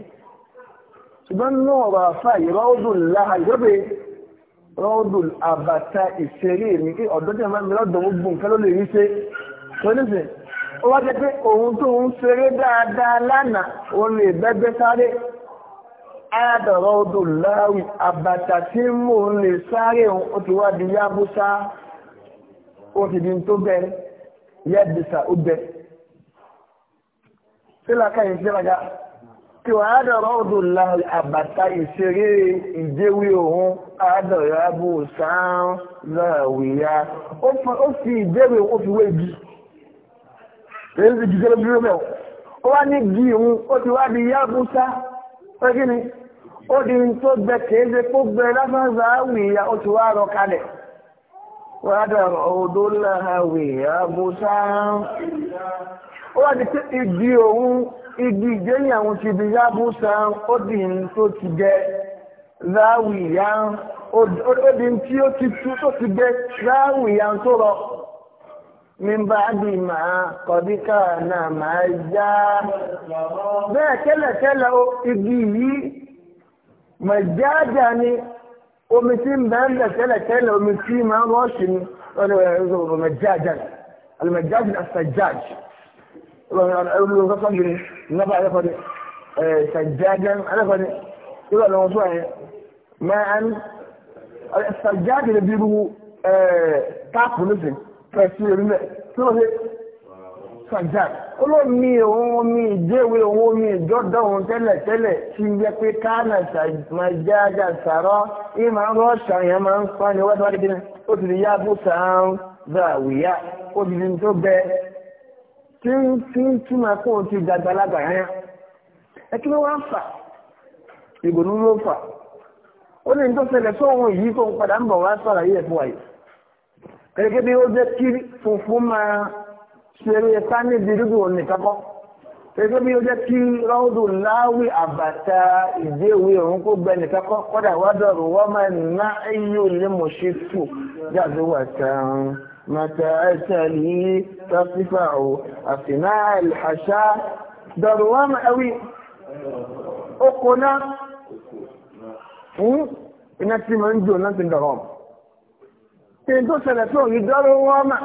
ṣùgbọ́n nínú ọ̀rọ̀ àfáàyè rọ́ọ̀dù láàyè rọ́bẹ̀ rọ́ọ̀dù àbàtà ìṣeré mi kí ọ̀dọ́ tí a máa ń lọ́dọ̀ gbogbo nǹkan ló lè rí ṣe tó nísìn ó wá jẹ́ pé òun tó ń ṣeré dáadáa lánàá òun lè bẹ́gbẹ́ sáré àádọ́ rọ́ọ̀dù láwì àbàtà tí mò ń lè sáré òun ó ti wá di yábúsá ó ti di tó bẹ́ẹ̀ yẹ́dìsà ó bẹ́ sílá káyìn sí ọjà kí wọ́n ádọ̀rọ̀ ọdún la àbàtà ìṣeré ìjẹ́wé òun ádọ̀rọ̀ abú sáán lọ́wìyá ó fi ìjẹ́wé ó fi wé jù èyí ti jù sẹ́lẹ̀ dúró ó wá ní jì òun ó ti wá di yábúsá pé kí ni ó di tó gbẹ kéé ṣe kó gbẹ lásán záwìyá ó ti wá rọ kalẹ̀ wádàrà odó láhàwé àbúsá ó wá di pé igi òun igi ìgbéyìn àwọn ti di yábúsá ó di ní tó ti jẹ láwìyá ó di ní tí ó ti tú tó ti jẹ láwìyá tó rọ mímbà bí màá kọ̀díkà náà màá já bẹ́ẹ̀ kẹ́lẹ̀kẹ́lẹ̀ igi yìí màjájà ni omi tí ń bẹ̀rẹ̀ tẹ́lẹ̀tẹ́lẹ̀ omi tí máa ń rọ́ọ̀ṣì ní ọlọ́mọjáàjì àṣàjáàjì olùkọ́sọ́gbìn nígbà alẹ́kọ̀ọ́dẹ ṣàjáàjì alẹ́kọ̀ọ́dẹ nígbà lọ́wọ́ tó ẹ̀ máa ń ṣàjáàjì lè bí irú táàpù nísìn pẹ̀sì orílẹ̀ tí wọ́n ṣe sọ̀jà olómi òun omi ìdéwé òun omi ìjọ́dọ̀ òun tẹ́lẹ̀tẹ́lẹ̀ ti yẹ pé káànà sàmájájà sàrọ́ ìmọ̀ ọ̀rọ̀ ṣàyàn máa ń sọ ni wọ́n tó wá dídí ó ti di yá bó sàn gbà wíyá ó ti di tó bẹ tí ń tí ń túmọ̀ kó o ti dàgbà lágbà yẹn ẹ kí ló wá ń fà ìbònú ló fà ó ní tó ṣẹlẹ̀ sóhun yìí tó ń padà ń bọ̀ wá sọ̀rọ̀ yìí ẹ̀fọ́ àyè gẹ́gẹ́ bí ó jẹ́ kí funfun máa ṣeré ẹ̀ká níbi irúgbìn òní kankọ́ gẹ́gẹ́ bí ó jẹ́ kí rọ́ọ̀dù láwì àbàtà ìdéwé òun kó gbẹ nìkan kọ́ kọ́dà wá dọ̀rọ̀ wọ́n máa ná ẹyí ò lè mọ̀ ṣe tù jáde wà tán màtà ẹ̀sẹ̀lì tọ́sífà ò àfìná àṣà dọ̀rọ̀ wọ́n máa wí oko náà hmm? iná tí mo ń jò náà ti dọ̀rọ̀ tí n tó ṣẹlẹ̀ tó yí dọ́rọ̀ wọ́n máa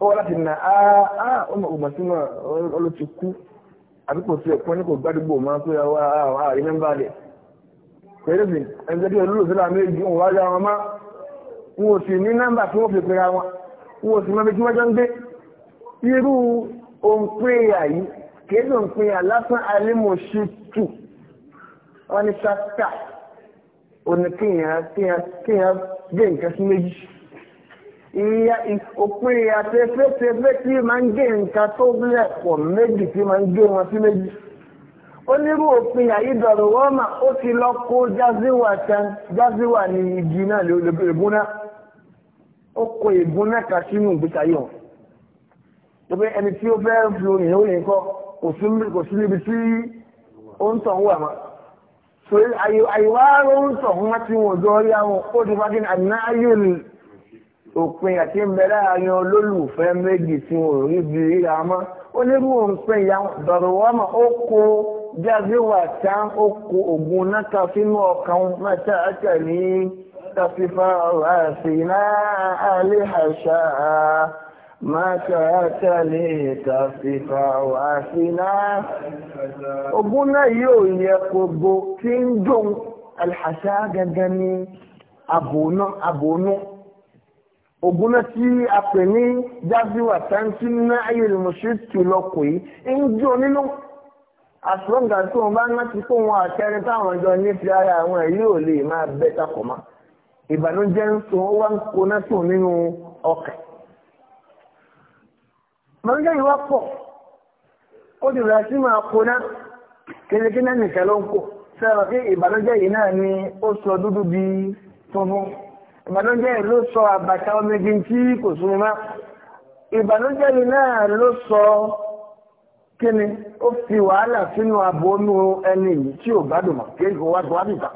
ó wá láti nà á á ọmọ ògbà tí mà ọlọ́ ti kú àbí sí ẹ̀kọ́ ní kò gbádùgbò máa pé àwa ah, àwa ah, ah, remember dẹ̀ pẹ̀lẹ́bìn ẹgbẹ́ tí olólùfẹ́ náà méjì òun wájú àwọn ọmọ wọn ò sì ní nọ́mbà tí wọ́n fi pera wọn wọn ò sì mọ́bi tí wọ́n jọ ń gbé irú òǹpéyà yìí kìí ló ń pín àlásán alímọ̀ṣí tù wọ́n ní sáká oníkéèyàn gbé nǹkan sí méjì. òpin àtẹ́fẹ́tẹ́fẹ́ tí máa ń gé nǹkan tó bílẹ̀ pọ̀ méjì tí máa ń gé wọn sí méjì onírú òpin àyídọ̀rọ̀ wọ́n mà ó ti lọ kó jáziwà tán jáziwà ní igi náà lèbúná ó kó ìbúná kà sínú ìgbésà yìí hàn tó pé ẹni tí ó fẹ́ fi orin ìhó yìí kọ́ kò sí níbi tí ó ń tàn wà so àyíwá ló ń tàn wọ́n òpin àti ń bẹ láàrin olólùfẹ́ méjì tí wọn ò rí bí ríra mọ́ onírú òǹpin ìyá dọ̀rọ̀wọ́mà ó kó jáfíwà tá ó kó ògùn náà sínú ọkàn mẹ́ta àtà ní tàfífà ọ̀rọ̀ àti náà alẹ́ àṣà mẹ́ta àtà ní tàfífà ọ̀rọ̀ àti náà. ògùn náà yóò yẹ gbogbo tí ń dùn àlàṣà gẹ́gẹ́ ní àbònú ògúnná tí a pè ní jaziwa tanti ná ayélu mọ̀ṣútù lọ́kọ̀ yìí ń jó nínú àṣọ́gà tó ń bá ná ti kó wọn àtẹrin táwọn ìjọ ní fi ara àwọn èyí ò lè máa bẹ́ takọ̀ mọ́ ìbànújẹ́ ń sun ó wá ń koná tó nínú ọkàn. mọ̀njẹ́ yìí wá pọ̀ ó ti rà máa koná kínníkínní nìkan ló ń kó sẹ́wọ̀n pé ìbànújẹ́ yìí náà ni ó sọ dúdú bíi funfun ìbànújẹ́ ló sọ àbàtà omegi tí kò súnmọ́ má ìbànújẹ́ yìí náà ló sọ kíni ó fi wàhálà sínú abónú ẹni yìí tí ò bá dùn mọ́ kí èkó wá tó wá dùn ta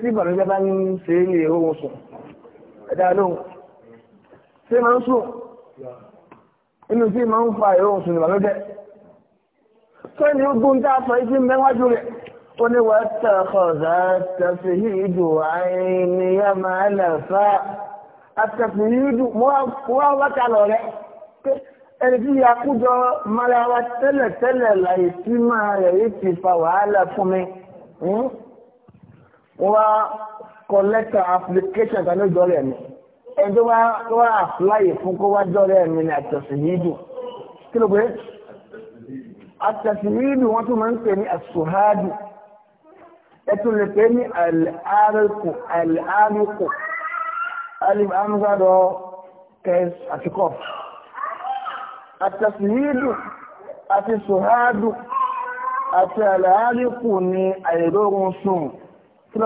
tí ìbànújẹ́ bá ń ṣe é ní èrò wọn sùn ẹ̀dá lóhùn ṣé máa ń sùn inú tí máa ń fa èrò wọn sùn ìbànújẹ́ sẹ́ni ó gún tá a sọ yìí sí mẹ́wájú rẹ̀ tó ní wà tàkọ̀dá tàfihìdù àìníyà máa lẹ̀fà àtàfihìdù wọ́n wá kalọ̀ rẹ̀ ẹni tí a kújọ mara wa tẹ́lẹ̀tẹ́lẹ̀ láyé tí máa rẹ̀ yìí ti fa wàhálà fún mi wá kọ̀lẹ́tà application kan ló jọrẹ̀ mi ẹni tó wá àfúláyè fún kó wá jọrẹ̀ mi ní àtàfihìdù kí ló pé àtàfihìdù wọ́n tún máa ń pè ní àsùhádù ẹ tún lè pè ní àlárẹ̀kù àlárẹ̀kù alif amzadọ kẹs àti kọf àtàsíyídù àti sùhádù àti àlárẹ̀kù ni àìrórun sùn kí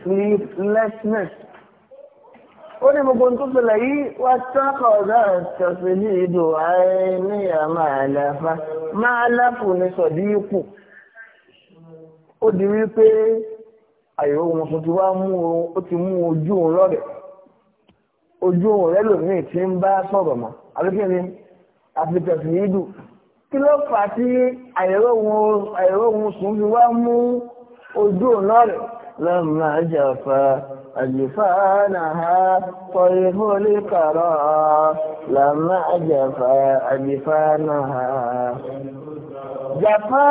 sleeplessness ó ní gbogbo tó fẹ́lẹ̀ yìí wá tákọ̀ọ́dá tàfẹ́lì ìdò àìníyà ó di wípé àyẹ̀wò wọn tó ti wá mú ó ti mú ojú òun lọ́rẹ̀ ojú òun rẹ̀ lòmíì tí ń bá sọ̀rọ̀ mọ́ àbíkẹ́ ni àfitẹ̀sì yìí dù kí ló fà á tí àyẹ̀wò wọn sùn fi wá mú ojú òun lọ́rẹ̀ lọ́mọ àjàfà àjìfáànàhà tọ́yìnbó lè kàrọ̀ lọ́mọ àjàfà àjìfáànàhà. jàfá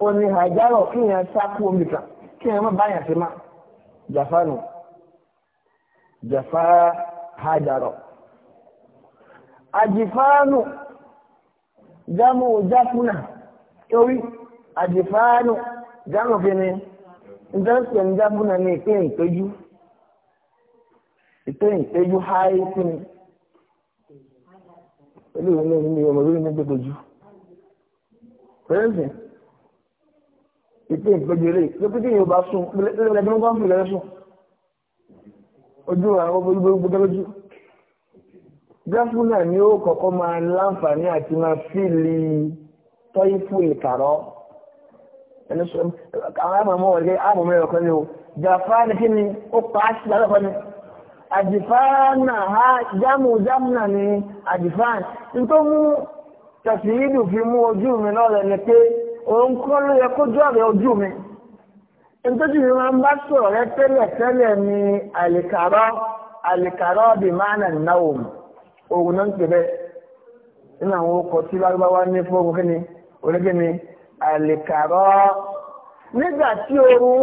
òní àjárọ̀ kí èèyàn omi kan kí má báyàn sí má jàfá jàfá àjárọ̀ àjìfáànù jámù jáfúnà torí àjìfáànù jámù fínni ìjọsìn ní jáfúnà ní ìpín ìtọ́jú ìpín ìtọ́jú háì fínni olóòrùn ní ọmọ ìpè ìpéjọ lè lókùtì bá sùn lẹ́gbẹ̀ẹ́ bá ń fi lẹ́rẹ́ sùn ojú àwọn gbogbo lójú gáfúnà ni ó kọ́kọ́ máa láǹfààní àti máa fíìlì tọ́yí fún ìkàrọ́ ẹni sọ àwọn àmàmọ́ wọlé àmàmọ́ ẹ̀rọ kan ni o kí ni ó pa á sí lálẹ́ kan àdìfáànà ha jámù jámùnà ni nítorí mú fi mú ojú mi lọ́rẹ̀ ni òun kọ́ ló yẹ kójú ọ̀rẹ́ ojú mi nítorí mi máa ń bá sọ̀rọ̀ rẹ tẹ́lẹ̀ tẹ́lẹ̀ ní àlìkàrọ́ àlìkàrọ́ bí máa nà náwó òun náà ń pè bẹ́ẹ̀ nínú àwọn ọkọ̀ tí lárúbáwá ní fóònù kíni oníkíni àlìkàrọ́ nígbà tí oorun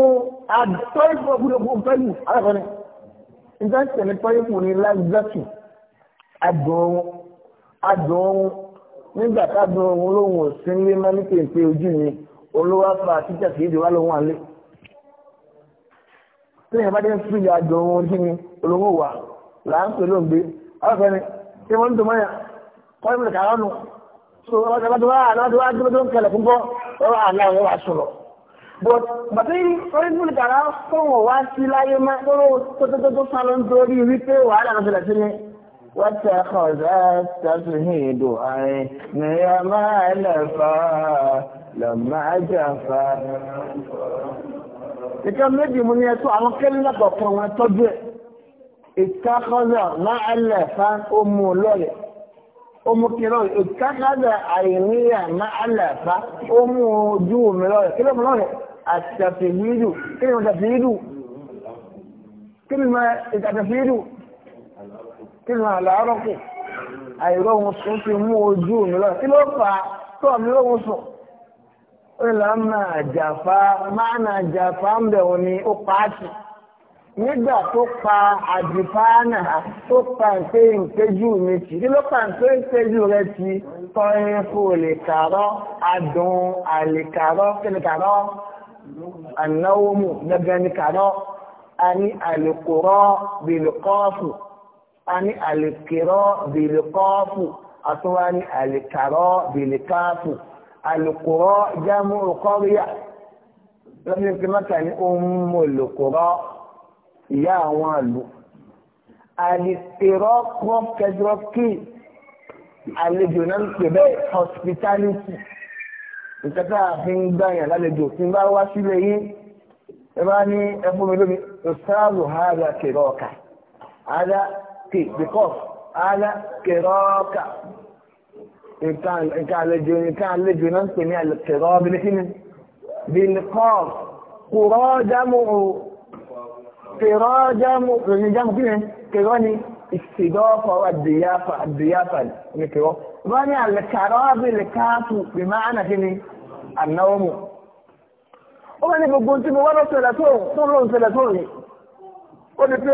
àtọ́yìnbó gbúdọ̀gbọ̀ pẹ̀lú alákọ̀ọ́ni nígbà tí ẹ̀mí tọ́yìnbó lágbàtù adùn adùn nígbà tábìlì ohun lóhun òsín lé mọ́ ní kéńté ojú mi olówó afa títà sí ìdíwá lóhun àlé tí èèyàn bá dé sí ìyá àjọ ohun kí ni olówó wà là ń pè lóògbé ọlọ́fẹ́ni tí wọ́n ń tó mọ́yà kọ́ ìmọ̀lẹ̀ kàrọ́nù so ọlọ́fẹ́ bá tó wá àná tó wá tó ń kẹlẹ̀ fún bọ́ ọ̀rọ̀ àná òun wà sọ̀rọ̀ but bàtí oríṣiríṣi kàrá fún wọn wá sí láyé mọ́ tó tó tó sálọ́ nítorí wípé wàhálà lọ́sẹ̀lẹ̀ واتخذ التفهيد عيني ما لفا لما جفا ìkan méjì mú ní ẹ̀tọ́ àwọn kẹ́lẹ́lẹ́ kọ̀ọ̀kan wọn tọ́jú ẹ̀ ìtàkọ́zà máa lẹ̀fà ó mú lọ́rẹ̀ ó mú kí lọ́rẹ̀ ìtàkọ́zà àìníyà máa lẹ̀fà ó mú ojú mi lọ́rẹ̀ kí lọ́mọ lọ́rẹ̀ àtàfẹ́yìdù kí ni mo tàfẹ́yìdù kí ni mo tàfẹ́yìdù kí ni àlàárọ̀ kù àìrọ̀ ohun sùn ti mú ojú mi lọ kí ló fà á tó mi lóhun sùn ó ní làmà àjàfà máàna àjàfà ń bẹ̀ wọ́n ni ó pa á sí nígbà tó pa àdìpáánà tó pa nǹkan ìpéjú mi tì kí ló pa nǹkan ìpéjú rẹ ti tọ́yìn fún òlìkàrọ́ adùn àlìkàrọ́ kí ni kàrọ́ ànáwó mu gẹ́gẹ́ ni kàrọ́ a ní àlìkùrọ́ bìlìkọ́ọ̀fù a ní àlèkèrọ́ bìlìkọ́ọ̀fù àtúnwá ní àlèkàrọ́ bìlìkáàfù àlùkùrọ́ jámù kọ́ríyà lọ́sí ti mọ́ta ní ohun olùkùrọ́ ìyá àwọn àlù àlèkèrọ́ kọ́kẹ́dọ́kì àlejò náà ń pè bẹ́ẹ̀ hospitality nǹkan tá a fi ń gbàyàn lálejò tí n bá wá sílé yín ẹ bá ní ẹ mi lómi ọ̀sáàlù hàgà kèrọ̀ ọ̀kà hàgà. كي بقف على كراكة إن كان إن كان لجن إن كان لجن نسمي القراب لكن بالقاف قرا جمع قرا جمع جمع كده كراني استضافة والضيافة الضيافة نكرو راني الكراب الكاف بمعنى كده النوم وأنا بقول تبغى ولا ثلاثون ثلاثون ثلاثون ó ti pé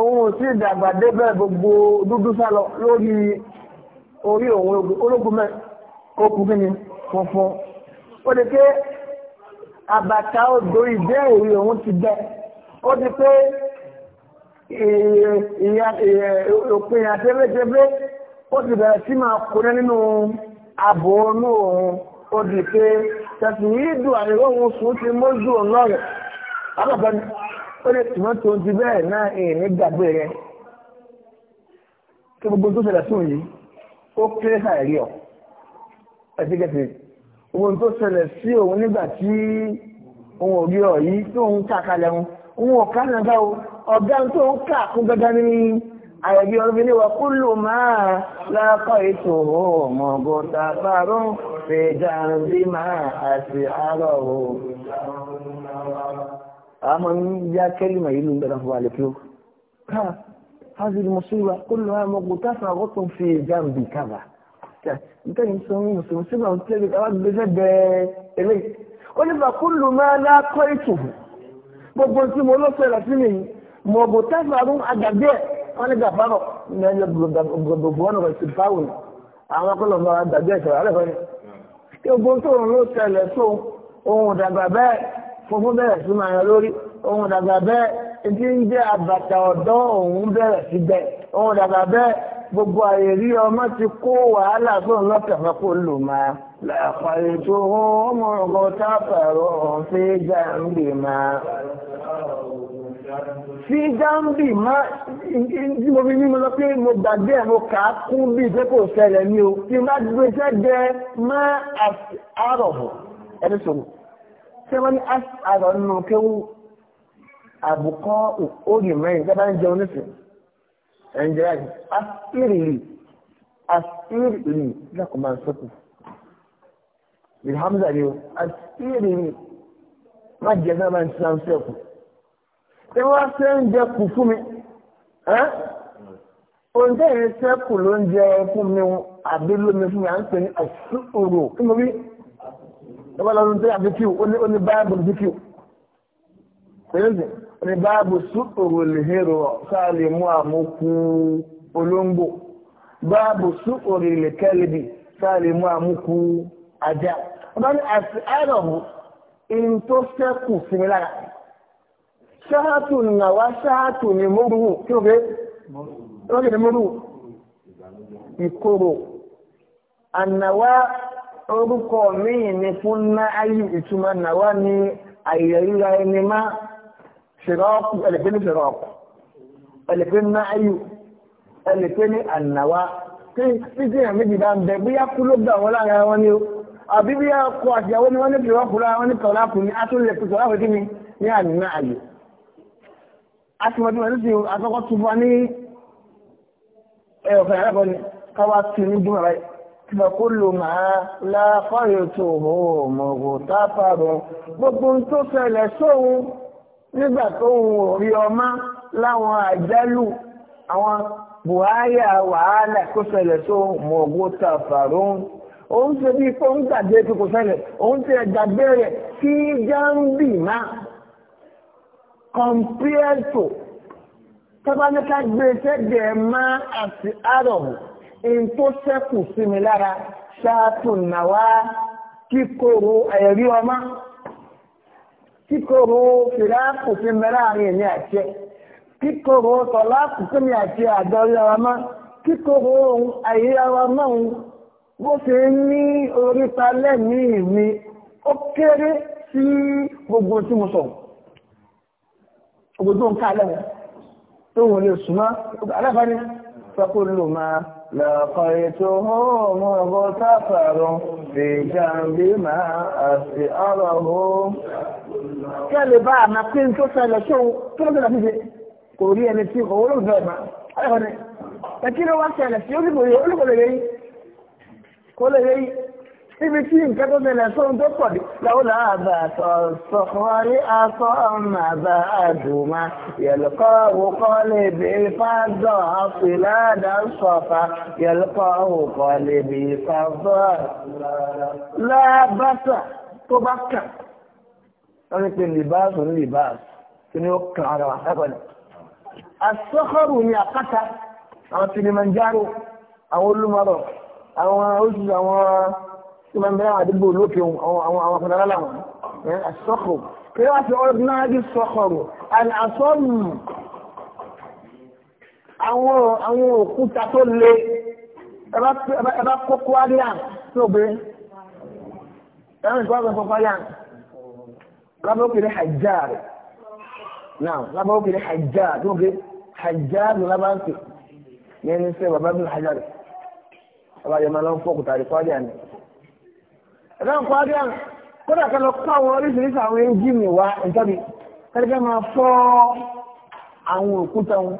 òun ò sí ìdàgbà débẹ̀ gbogbo dúdú sálọ lórí orí òun ológun mẹ́ okùn kíni funfun ó ti pé àbàtà odò ìdé òrí òun ti bẹ́ ó ti pé òpin àtẹ́fẹ́tẹ́fẹ́ ó ti bẹ̀rẹ̀ sí máa kúrẹ́ nínú ààbò inú òun ó ti pé tẹ̀sí yìí dùn àríwọ̀ òun sùn ti mójú òun lọ́rẹ̀ ó lè tùmọ̀ tó ti bẹ́ẹ̀ náà èèyàn ní gbàgbé rẹ kí gbogbo tó ṣẹlẹ̀ sùn yìí ó kéré àìrí ọ̀ ẹ̀sìnkẹsì gbogbo tó ṣẹlẹ̀ sí òun nígbà tí òun ò rí ọ̀ yìí tó ń kà kalẹ̀ wọn òun ọ̀ká náà bá o ọ̀gá tó ń kà kún gẹ́gẹ́ ní àyẹ̀bí ọdún ní wa kú lò máa lápá ètò ọmọgọ́ta bá rún fèjà ń bí máa àti àárọ̀ o a máa ń yá kẹ́lìmọ̀ yìí ló ń gbẹ̀dọ̀ fún wa lè fi ó káà hazil musulma kúlù ha mọ̀ kúta fún akọ́tún fi jàǹbì kábà nítorí sọ ní musulmi sígbà ń tẹ́lẹ̀ káwá gbèsè bẹ́ẹ̀ eléyìí ó ní bá kúlù máa ń lákọ́ ètò gbogbo tí mo lọ́sọ̀ rẹ̀ sí mi mọ̀ kúta fún àrùn àgàgbé wọn ní gàfárọ̀ ní ẹjọ́ gbogbo ọ̀nà rẹ̀ ti báwò ní àwọn akọ́lọ̀ máa gbàgbé ìṣẹ̀lẹ̀ alẹ́ fẹ́ ni gbogbo ohun ìdàgbà bẹ́ẹ̀ funfun bẹ̀rẹ̀ sí máa yan lórí ohun dàgbà bẹ́ẹ̀ etí ń jẹ́ àbàtà ọ̀dọ́ òun bẹ̀rẹ̀ sí bẹ́ẹ̀ ohun dàgbà bẹ́ẹ̀ gbogbo àyè rí ọmọ ti kó wàhálà fún lọ́kàfẹ́ kó lò máa làpàlẹ̀ tó hún ọmọ ọgbọ́n tápàrọ̀ ọ̀hún sí jàǹbì máa. sí jàǹbì máa tí mo fi ní mo lọ pé mo gbàgbé ẹ̀ mo kà á kún bíi pé kò ṣẹlẹ̀ ní o tí n bá gbé sẹ́gbẹ́ máa àrọ̀ ẹni sọ̀rọ̀ ṣé wọ́n ní àlọ́ nínú kéwú àbùkọ́ òògì mẹ́rin tẹ́ bá ń jẹun nísìn ẹ̀ǹjẹ́ àti asírìlì asírìlì lẹ́kọ̀ọ́ máa ń ni o asírìlì má jẹ́ náà máa ń sàn sẹ́kù ṣé wọ́n ṣe ń jẹ kù fún mi oúnjẹ yẹn sẹ́kù ló ń jẹ fún mi àbí lómi fún mi à ń pè ní àṣùrò kí mo rí lọ́wọ́ lọ́dún tó yà fi kíw ó ní báàbù fi kíw ó ní báàbù súkòrò lè hèrò sáà lè mú àmúkú olóńgbò báàbù súkòrò lè kẹ́lẹ́bì sáà lè mú àmúkú ajá ọba ní àti àìrọ̀bù in tó sẹ́kù sí mi lára ṣáàtù nàwa ṣáàtù ni mórùwù kí o fẹ́ lọ́kẹ́ ni mórùwù ìkorò ànàwá orúkọ míì ni fún náàyù ìtumọ̀ nàwa ni àìyẹ̀ríra ẹni má ṣìrọ́ọ̀kù ẹlẹ́pẹ́ ní ṣìrọ́ọ̀kù ẹlẹ́pẹ́ náàyù ẹlẹ́pẹ́ ní ànàwa tí títí èèyàn méjì bá ń bẹ bóyá kú ló gbà wọn lára wọn ni ó àbí bóyá ọkọ àtìyàwó ni wọn ní ṣìrọ́ọ̀kù lára wọn ní tọ̀láàkù ni a tún lè kí ni ní àná àyè a ti ní ẹ̀ọ̀fẹ́ fẹ̀kúlù máa láfáyòtò òmòrò tápàrọ gbogbo tó ṣẹlẹ̀ sóhun nígbà tó ń rí ọmọ láwọn àjálù àwọn buhari wàhálà kó ṣẹlẹ̀ sóhun mọ̀gbó tápàrọ òun ṣe bí kó ń gbàgbé tó kò ṣẹlẹ̀ òun ṣe gbàgbé rẹ̀ kí jambi máa compare to tọ́bánikà gbé ṣẹ́gbẹ̀ẹ́ máa àti àrọ̀mù. n tó sí mi lára ṣáàtù nàwá kíkorò ẹ̀rí ọmọ kíkorò fìlàkù sí mi láàrin èmi àti ẹ̀ kíkorò sí mi àti àdọ́rí ọmọ kíkorò ayé ọmọ òun bó ṣe ní oríta lẹ́mìí mi ó kéré sí gbogbo tí mo sọ̀rọ̀ gbogbo tó ń ká lẹ́wọ̀n tó wọlé súnmọ́ alábàáni n'i lò máa. لقيته مغتفر في جنب ما أسئره kẹ́lẹ̀ bá àmà pé tó ṣẹlẹ̀ tó tó lọ́dọ̀ fi ṣe kò rí ẹni tí kò wọ́n lọ́dọ̀ ẹ̀mà ẹ̀kọ́ ni ẹ̀kí ló wá ṣẹlẹ̀ sí olùkọ́ lè yẹ kó lè yẹ níbi tí nǹkan tó tẹ̀lẹ̀ sóhun tó pọ̀ dé lọ́wọ́lá àbà sọ̀rọ̀rí aṣọ ọmọ àbà àdùmá yẹ̀lùkọ́ òkọ́ lè bí fáńdọ̀ àfìládà sọ̀fà yẹ̀lùkọ́ òkọ́ lè bí fáńdọ̀ lábàtà tó bá kà wọ́n ní pé lìbáàsù ní lìbáàsù ni ó kàn ara wa lápẹ̀lẹ̀. àsọ́kọ̀rù ni àkàtà àwọn tìrìmọ̀járo àwọn olúmọ̀rọ̀ àwọn oṣù àwọn tí máa ń bẹ́rẹ̀ àdúgbò lókè àwọn afẹ́lẹ́ aláwọ̀ asọ́kọ̀ kí wọ́n fi ọ̀rọ̀ náà di sọ́kọ̀rọ̀ àsọ́mù àwọn òkúta tó le ẹbá kókó àríyá tí ó bẹ́rẹ̀ ẹ̀rọ ìgbà ọ̀gbọ̀n fọ́fọ́ yá lábọ́kìrì hajjáà náà lábọ́kìrì hajjáà tó bẹ́rẹ̀ hajjáà ló lábáǹkì yẹn ní sẹ́ bàbá bí hajjáà rẹ̀ ọba yẹn máa lọ ẹ̀dáhùn parí à kódà kan lọ kó àwọn oríṣiríṣi àwọn ẹ́ńjìnì wa ìtọ́bi kẹ́kẹ́ máa fọ́ àwọn òkúta wọn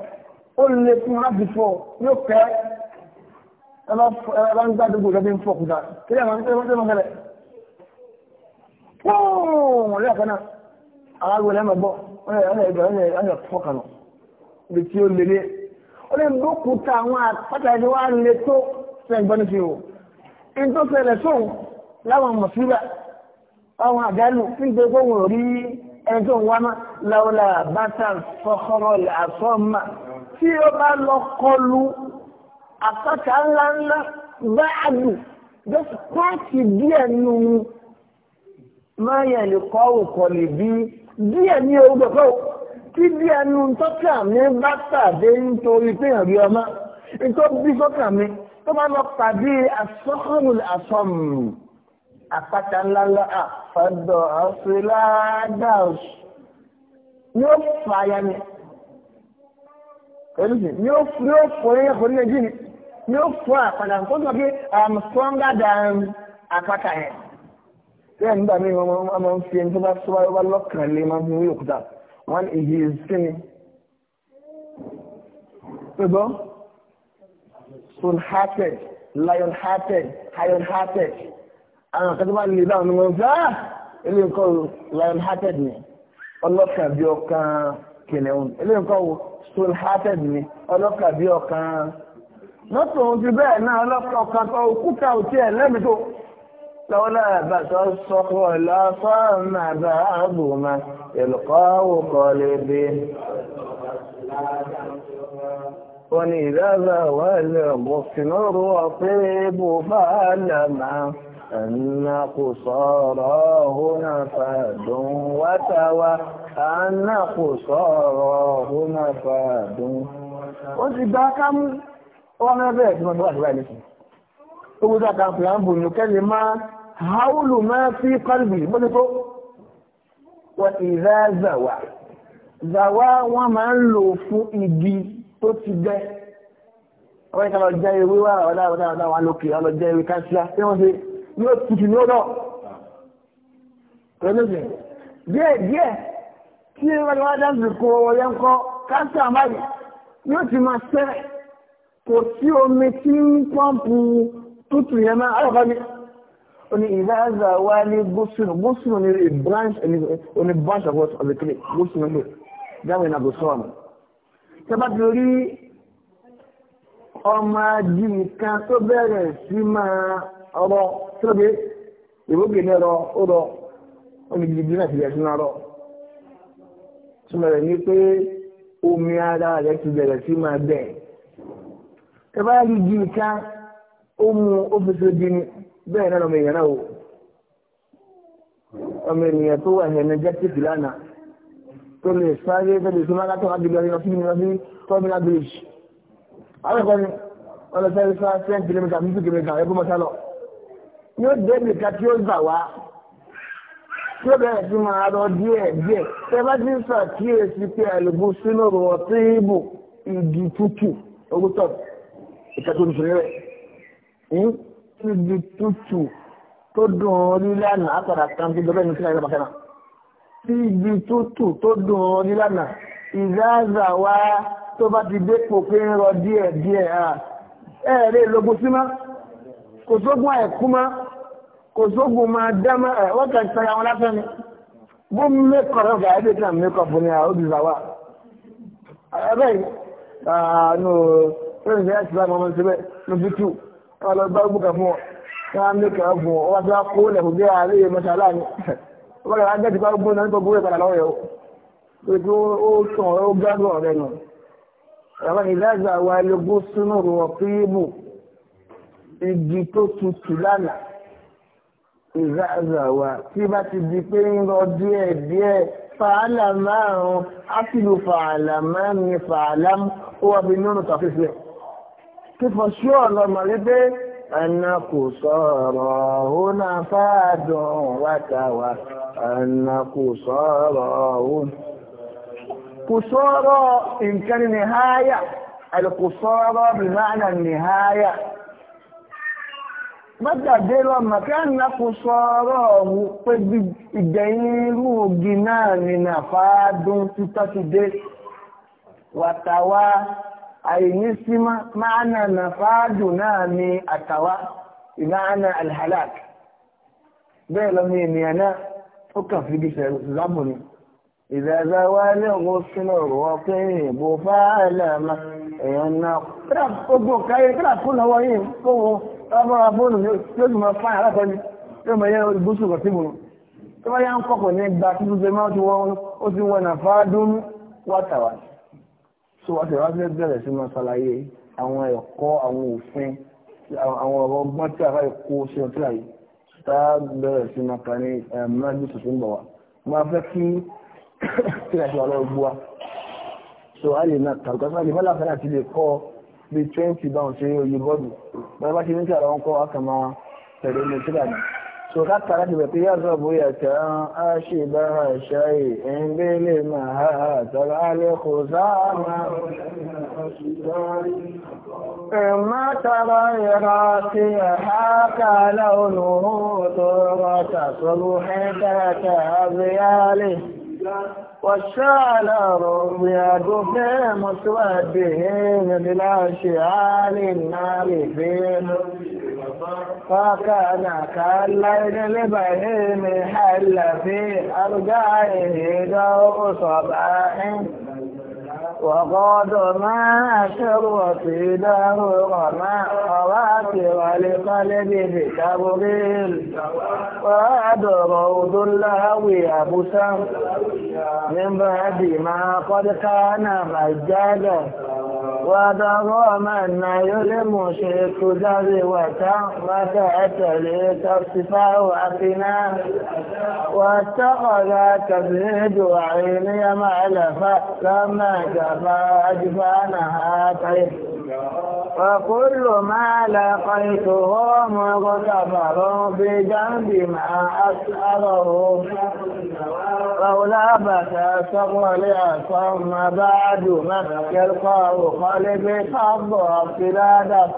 ó lè fún láti fọ́ yóò pẹ́ ẹ̀rọ ń gbàdúgbò lọ́bí ń fọ́ òkúta kílẹ̀ máa ń tẹ́lẹ̀ máa ń tẹ́lẹ̀ fẹ́lẹ̀ fóònù ọ̀rẹ́ àkànnà alágbó lẹ́mọ̀ bọ́ ọ̀rẹ́ fọ́kànà ibi tí ó lélẹ̀ ó lè lókùúta àwọn àpáta ẹni wá lè tó fẹ́ gbọ́n ní fi hù ní tó fẹ́lẹ̀ sóhun láwọn mọ̀síbà àwọn àjálù nígbà tó wọ́n rí ẹni tó ń wá mọ́ láwọlá bàtà sọ́kọ́rọ́ àsọ́mà tí ó bá lọ kọlu àpáta ńláńlá báàgù just pààkì díẹ̀ nù máa yẹn lè kọ́ òkọ̀ lè bí díẹ̀ ní orúkọ pé tí díẹ̀ nù tọ́kà mi bá tàdé nítorí pé ìrìn ọmọ nítorí bí tọ́kà mi tó bá lọ pàdé àsọ́kọ́rọ́ àsọ́mù. àpáta ńláńlá àfọ́dọ̀ ọ̀sùláàdáùs yóò fà ya ni olùsìn yóò fún ẹ̀yẹ fún ní ẹ̀jìn yóò fún àpáta tó sọ pé i'm stronger than àpáta yẹn bẹ́ẹ̀ nígbà míì wọ́n máa ń fi ẹni tó bá tó lọ́kàn lé máa ń fi òkúta wọ́n èyí ìsinmi ṣùgbọ́n sun hearted lion hearted iron hearted. àwọn kan tó bá lè bá wọn gbá ilé nǹkan lion hearted ni ah, bí ọkàn ilé stone hearted ni bí ọkàn ohun ti bẹ́ẹ̀ náà ọkàn tó òtí ẹ̀ sọ́kọ̀ wà أن قصاراه نفاد وتوى أن قصاراه نفاد وزباكم وما بيت من واحد بيت وإذا كان في أنبو كلمة حول ما في قلبي بلتو وإذا زوى زوى وما لوفو إدي تتبه wọ́n yẹ ká lọ jẹ́ ewé wá ọ̀dá ọ̀dá ọ̀dá wa lókè ọlọ jẹ́ ewé káṣíá tí wọ́n ṣe yóò tutù ní ọ̀dọ̀ pẹ̀lúṣẹ̀ díẹ̀ díẹ̀ tí wọ́n wá dáńsì kó wọlé ń kọ́ káńtà báyìí yóò ti máa sẹ́ kò sí omi tí ń pọ́ǹpù tútù yẹn máa ọ̀kọ́ ni ó ní ìdáàzà wá ní gúúsùnù gúúsùnù ní a branch on a branch of what of the clay gúúsùnù ló dáwọn ìnàbò sọ́ọ̀mù tẹ́bá ti rí ọmọ ajínigan tó bẹ̀rẹ̀ sí máa ọ̀rọ̀ tí ó dé ìwókè ní ẹ̀rọ ó rọ olùdíje náà ti yẹ̀sùn náà rọ túmọ̀ rẹ̀ ní pé omi ara rẹ̀ ti bẹ̀rẹ̀ sí máa bẹ̀ ẹ bá rí jí ká ó mú ọ́fíìsì ni bẹ́ẹ̀ náà lọ́mọ èèyàn náà o ọmọ ènìyàn tó wà energetic lánàá tó lè sáré tẹ́lẹ̀ tó máa látọ̀ láti lọ́rí lọ́sí lọ́sí terminal bridge. àwọn ìkọ́ni ọlọ́sẹ́rẹ́sá 10 km 50 km ẹgbẹ́ mọ́sálọ̀ yóò débi ká tí ó gbà wá tí ó bẹ̀rẹ̀ sí máa rọ díẹ̀ díẹ̀ tẹ́ bá ti ń ṣàkíyèsí pé àlùbù sínú rọ̀ tí ìbò ìdí tútù orúkọ ìkẹtù nìṣẹ̀lẹ̀ rẹ̀ ìdí hm? tútù tó dùn orí lánàá àpàdà kan tó dọ́bẹ̀ nìṣẹ̀lẹ̀ rẹ̀ bàkẹ́nà ìdí tútù tó dùn orí lánàá ìzáàzà wá tó bá ti dépò pé ń rọ díẹ̀ díẹ̀ ẹ̀ ẹ̀ lè lógun sí kò sógun àìkú mọ́ kò sógun máa dámà ẹ̀ wọ́n kàn sọ àwọn lásán ni bó mẹ́kọ̀ọ́ gà ẹ́ dẹ́kàn mẹ́kọ̀ọ́ fún ni àwọn òbíza wa ẹ̀bẹ́ yìí nù fẹ́rẹ̀ fẹ́rẹ̀ sí láti ọmọ síbẹ̀ ní bíkú wọn lọ bá gbùkà fún ọ kí wọn mẹ́kọ̀ọ́ fún ọ wọn bá kó lẹ̀ fún bí àárẹ̀ yẹn mọ́tà láàánú wọn kàn jẹ́ tipa gbóná nípa gbóná ìpadà lọ́wọ́ yẹn o pẹ̀lú ó tàn ó gbádùn ọ̀rẹ́ nù ẹ̀wọ́n ìdájà wa lógún sínú rọ̀ fíìmù igi tó tutù lánàá ìzáàzáwà tí bá ti di pé ń lọ díẹ̀ díẹ̀ fàálà márùn-ún áfìlù fàálà márùn-ún fàálà ó wà bí nínú tàfífẹ́ kí fọ́ sí ọ̀nà mọ̀lẹ́bẹ́ ẹ̀nà kò sọ̀rọ̀ òun àfáàdùn wákàwà ẹ̀nà kò sọ̀rọ̀ òun kò sọ̀rọ̀ nǹkan ní háyà àlùkò sọ̀rọ̀ bí máa ní háyà mọ́jàdé lọ́mọ kí á nà kó sọ̀rọ̀ ọ̀hún pé bí ìgbẹ̀yìn irú ògì náà ni nàfàádùn títọ́ ti dé wàtàwá àìnísímá máa nà nàfàádùn náà ni àtàwá ìmáàna alhalak bẹ́ẹ̀ lọ́mọ ènìyàn náà ó kàn fi bí sẹ́rù lábò ni ìdájá wá ní ọ̀gbọ́n sínú ọ̀rọ̀ ọkùnrin ìbò fáálà máa èèyàn náà kí ọmọra fóònù yóò sì máa fáyà látọ́ni yóò máa yẹ olùgbóṣù kọ̀ sí mòrò tó bá yá ń kọ̀kọ̀ ní ẹgbà tí tó ṣe máa ti wọ́n ó ti wọ́n nàfà dún wátàwà so wátàwà fẹ́ bẹ̀rẹ̀ sí máa ṣàlàyé àwọn ẹ̀kọ́ àwọn òfin àwọn ọ̀rọ̀ ọgbọ́n tí àfáà kó ṣe ọtí àyè tá bẹ̀rẹ̀ sí máa kà ní mọ́jú tuntun bọ̀ wá máa a ṣe wà lọ́wọ́ bí 20 bá ń ṣe oyè bọ́ọ̀dù bá bá ṣe ní sàrà wọn kọ́ akàmà pẹ̀lú ilé tíra ni so ká tara ti bẹ̀ pé yá sọ bó yà tẹ́ á ṣe bá a ṣe àyè ẹ̀ń bẹ́ lè máa ha ha tọ́lá alẹ́ kò sáà máa Ìmá tara ìra sí ẹ̀há kààlà olùhùn tó rọ̀ tàṣọ́lù ẹ̀ẹ́dẹ́ta àbíyálẹ̀. وشعل الربيض في مسودهم بالأشعال النَّارِ فيه فكان كالليل البهيم حل في أرجائه ضوء صباح وقد ما أسر في دهر ما خواتر لقلبه تبغيل وعد روض اللهو أبسا من بعد ما قد كان مجدا وضرمن يلمشرك ذروة وتأتلي تصفع أفنا واتخذ تبهيد عيني مألفة لما جفى أجفانها طيب وكل ما لقيته مغتفر بجنب ما أسأله فولا بكى سقل ثم بعد مكة القاو قلبي قد اختلادا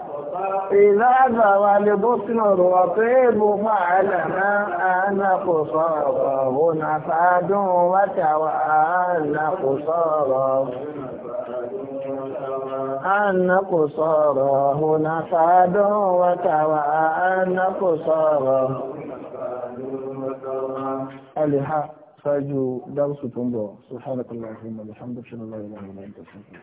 إذا ذوى البطن الرطيب فعلما أن قصاره نفاد وتوالى قصاره وأن قصارى هنا فاد وتوأن قصارى الحق فاجوا درس تنظر سبحانك اللهم وبحمدك اشهد ان لا اله الا انت استغفرك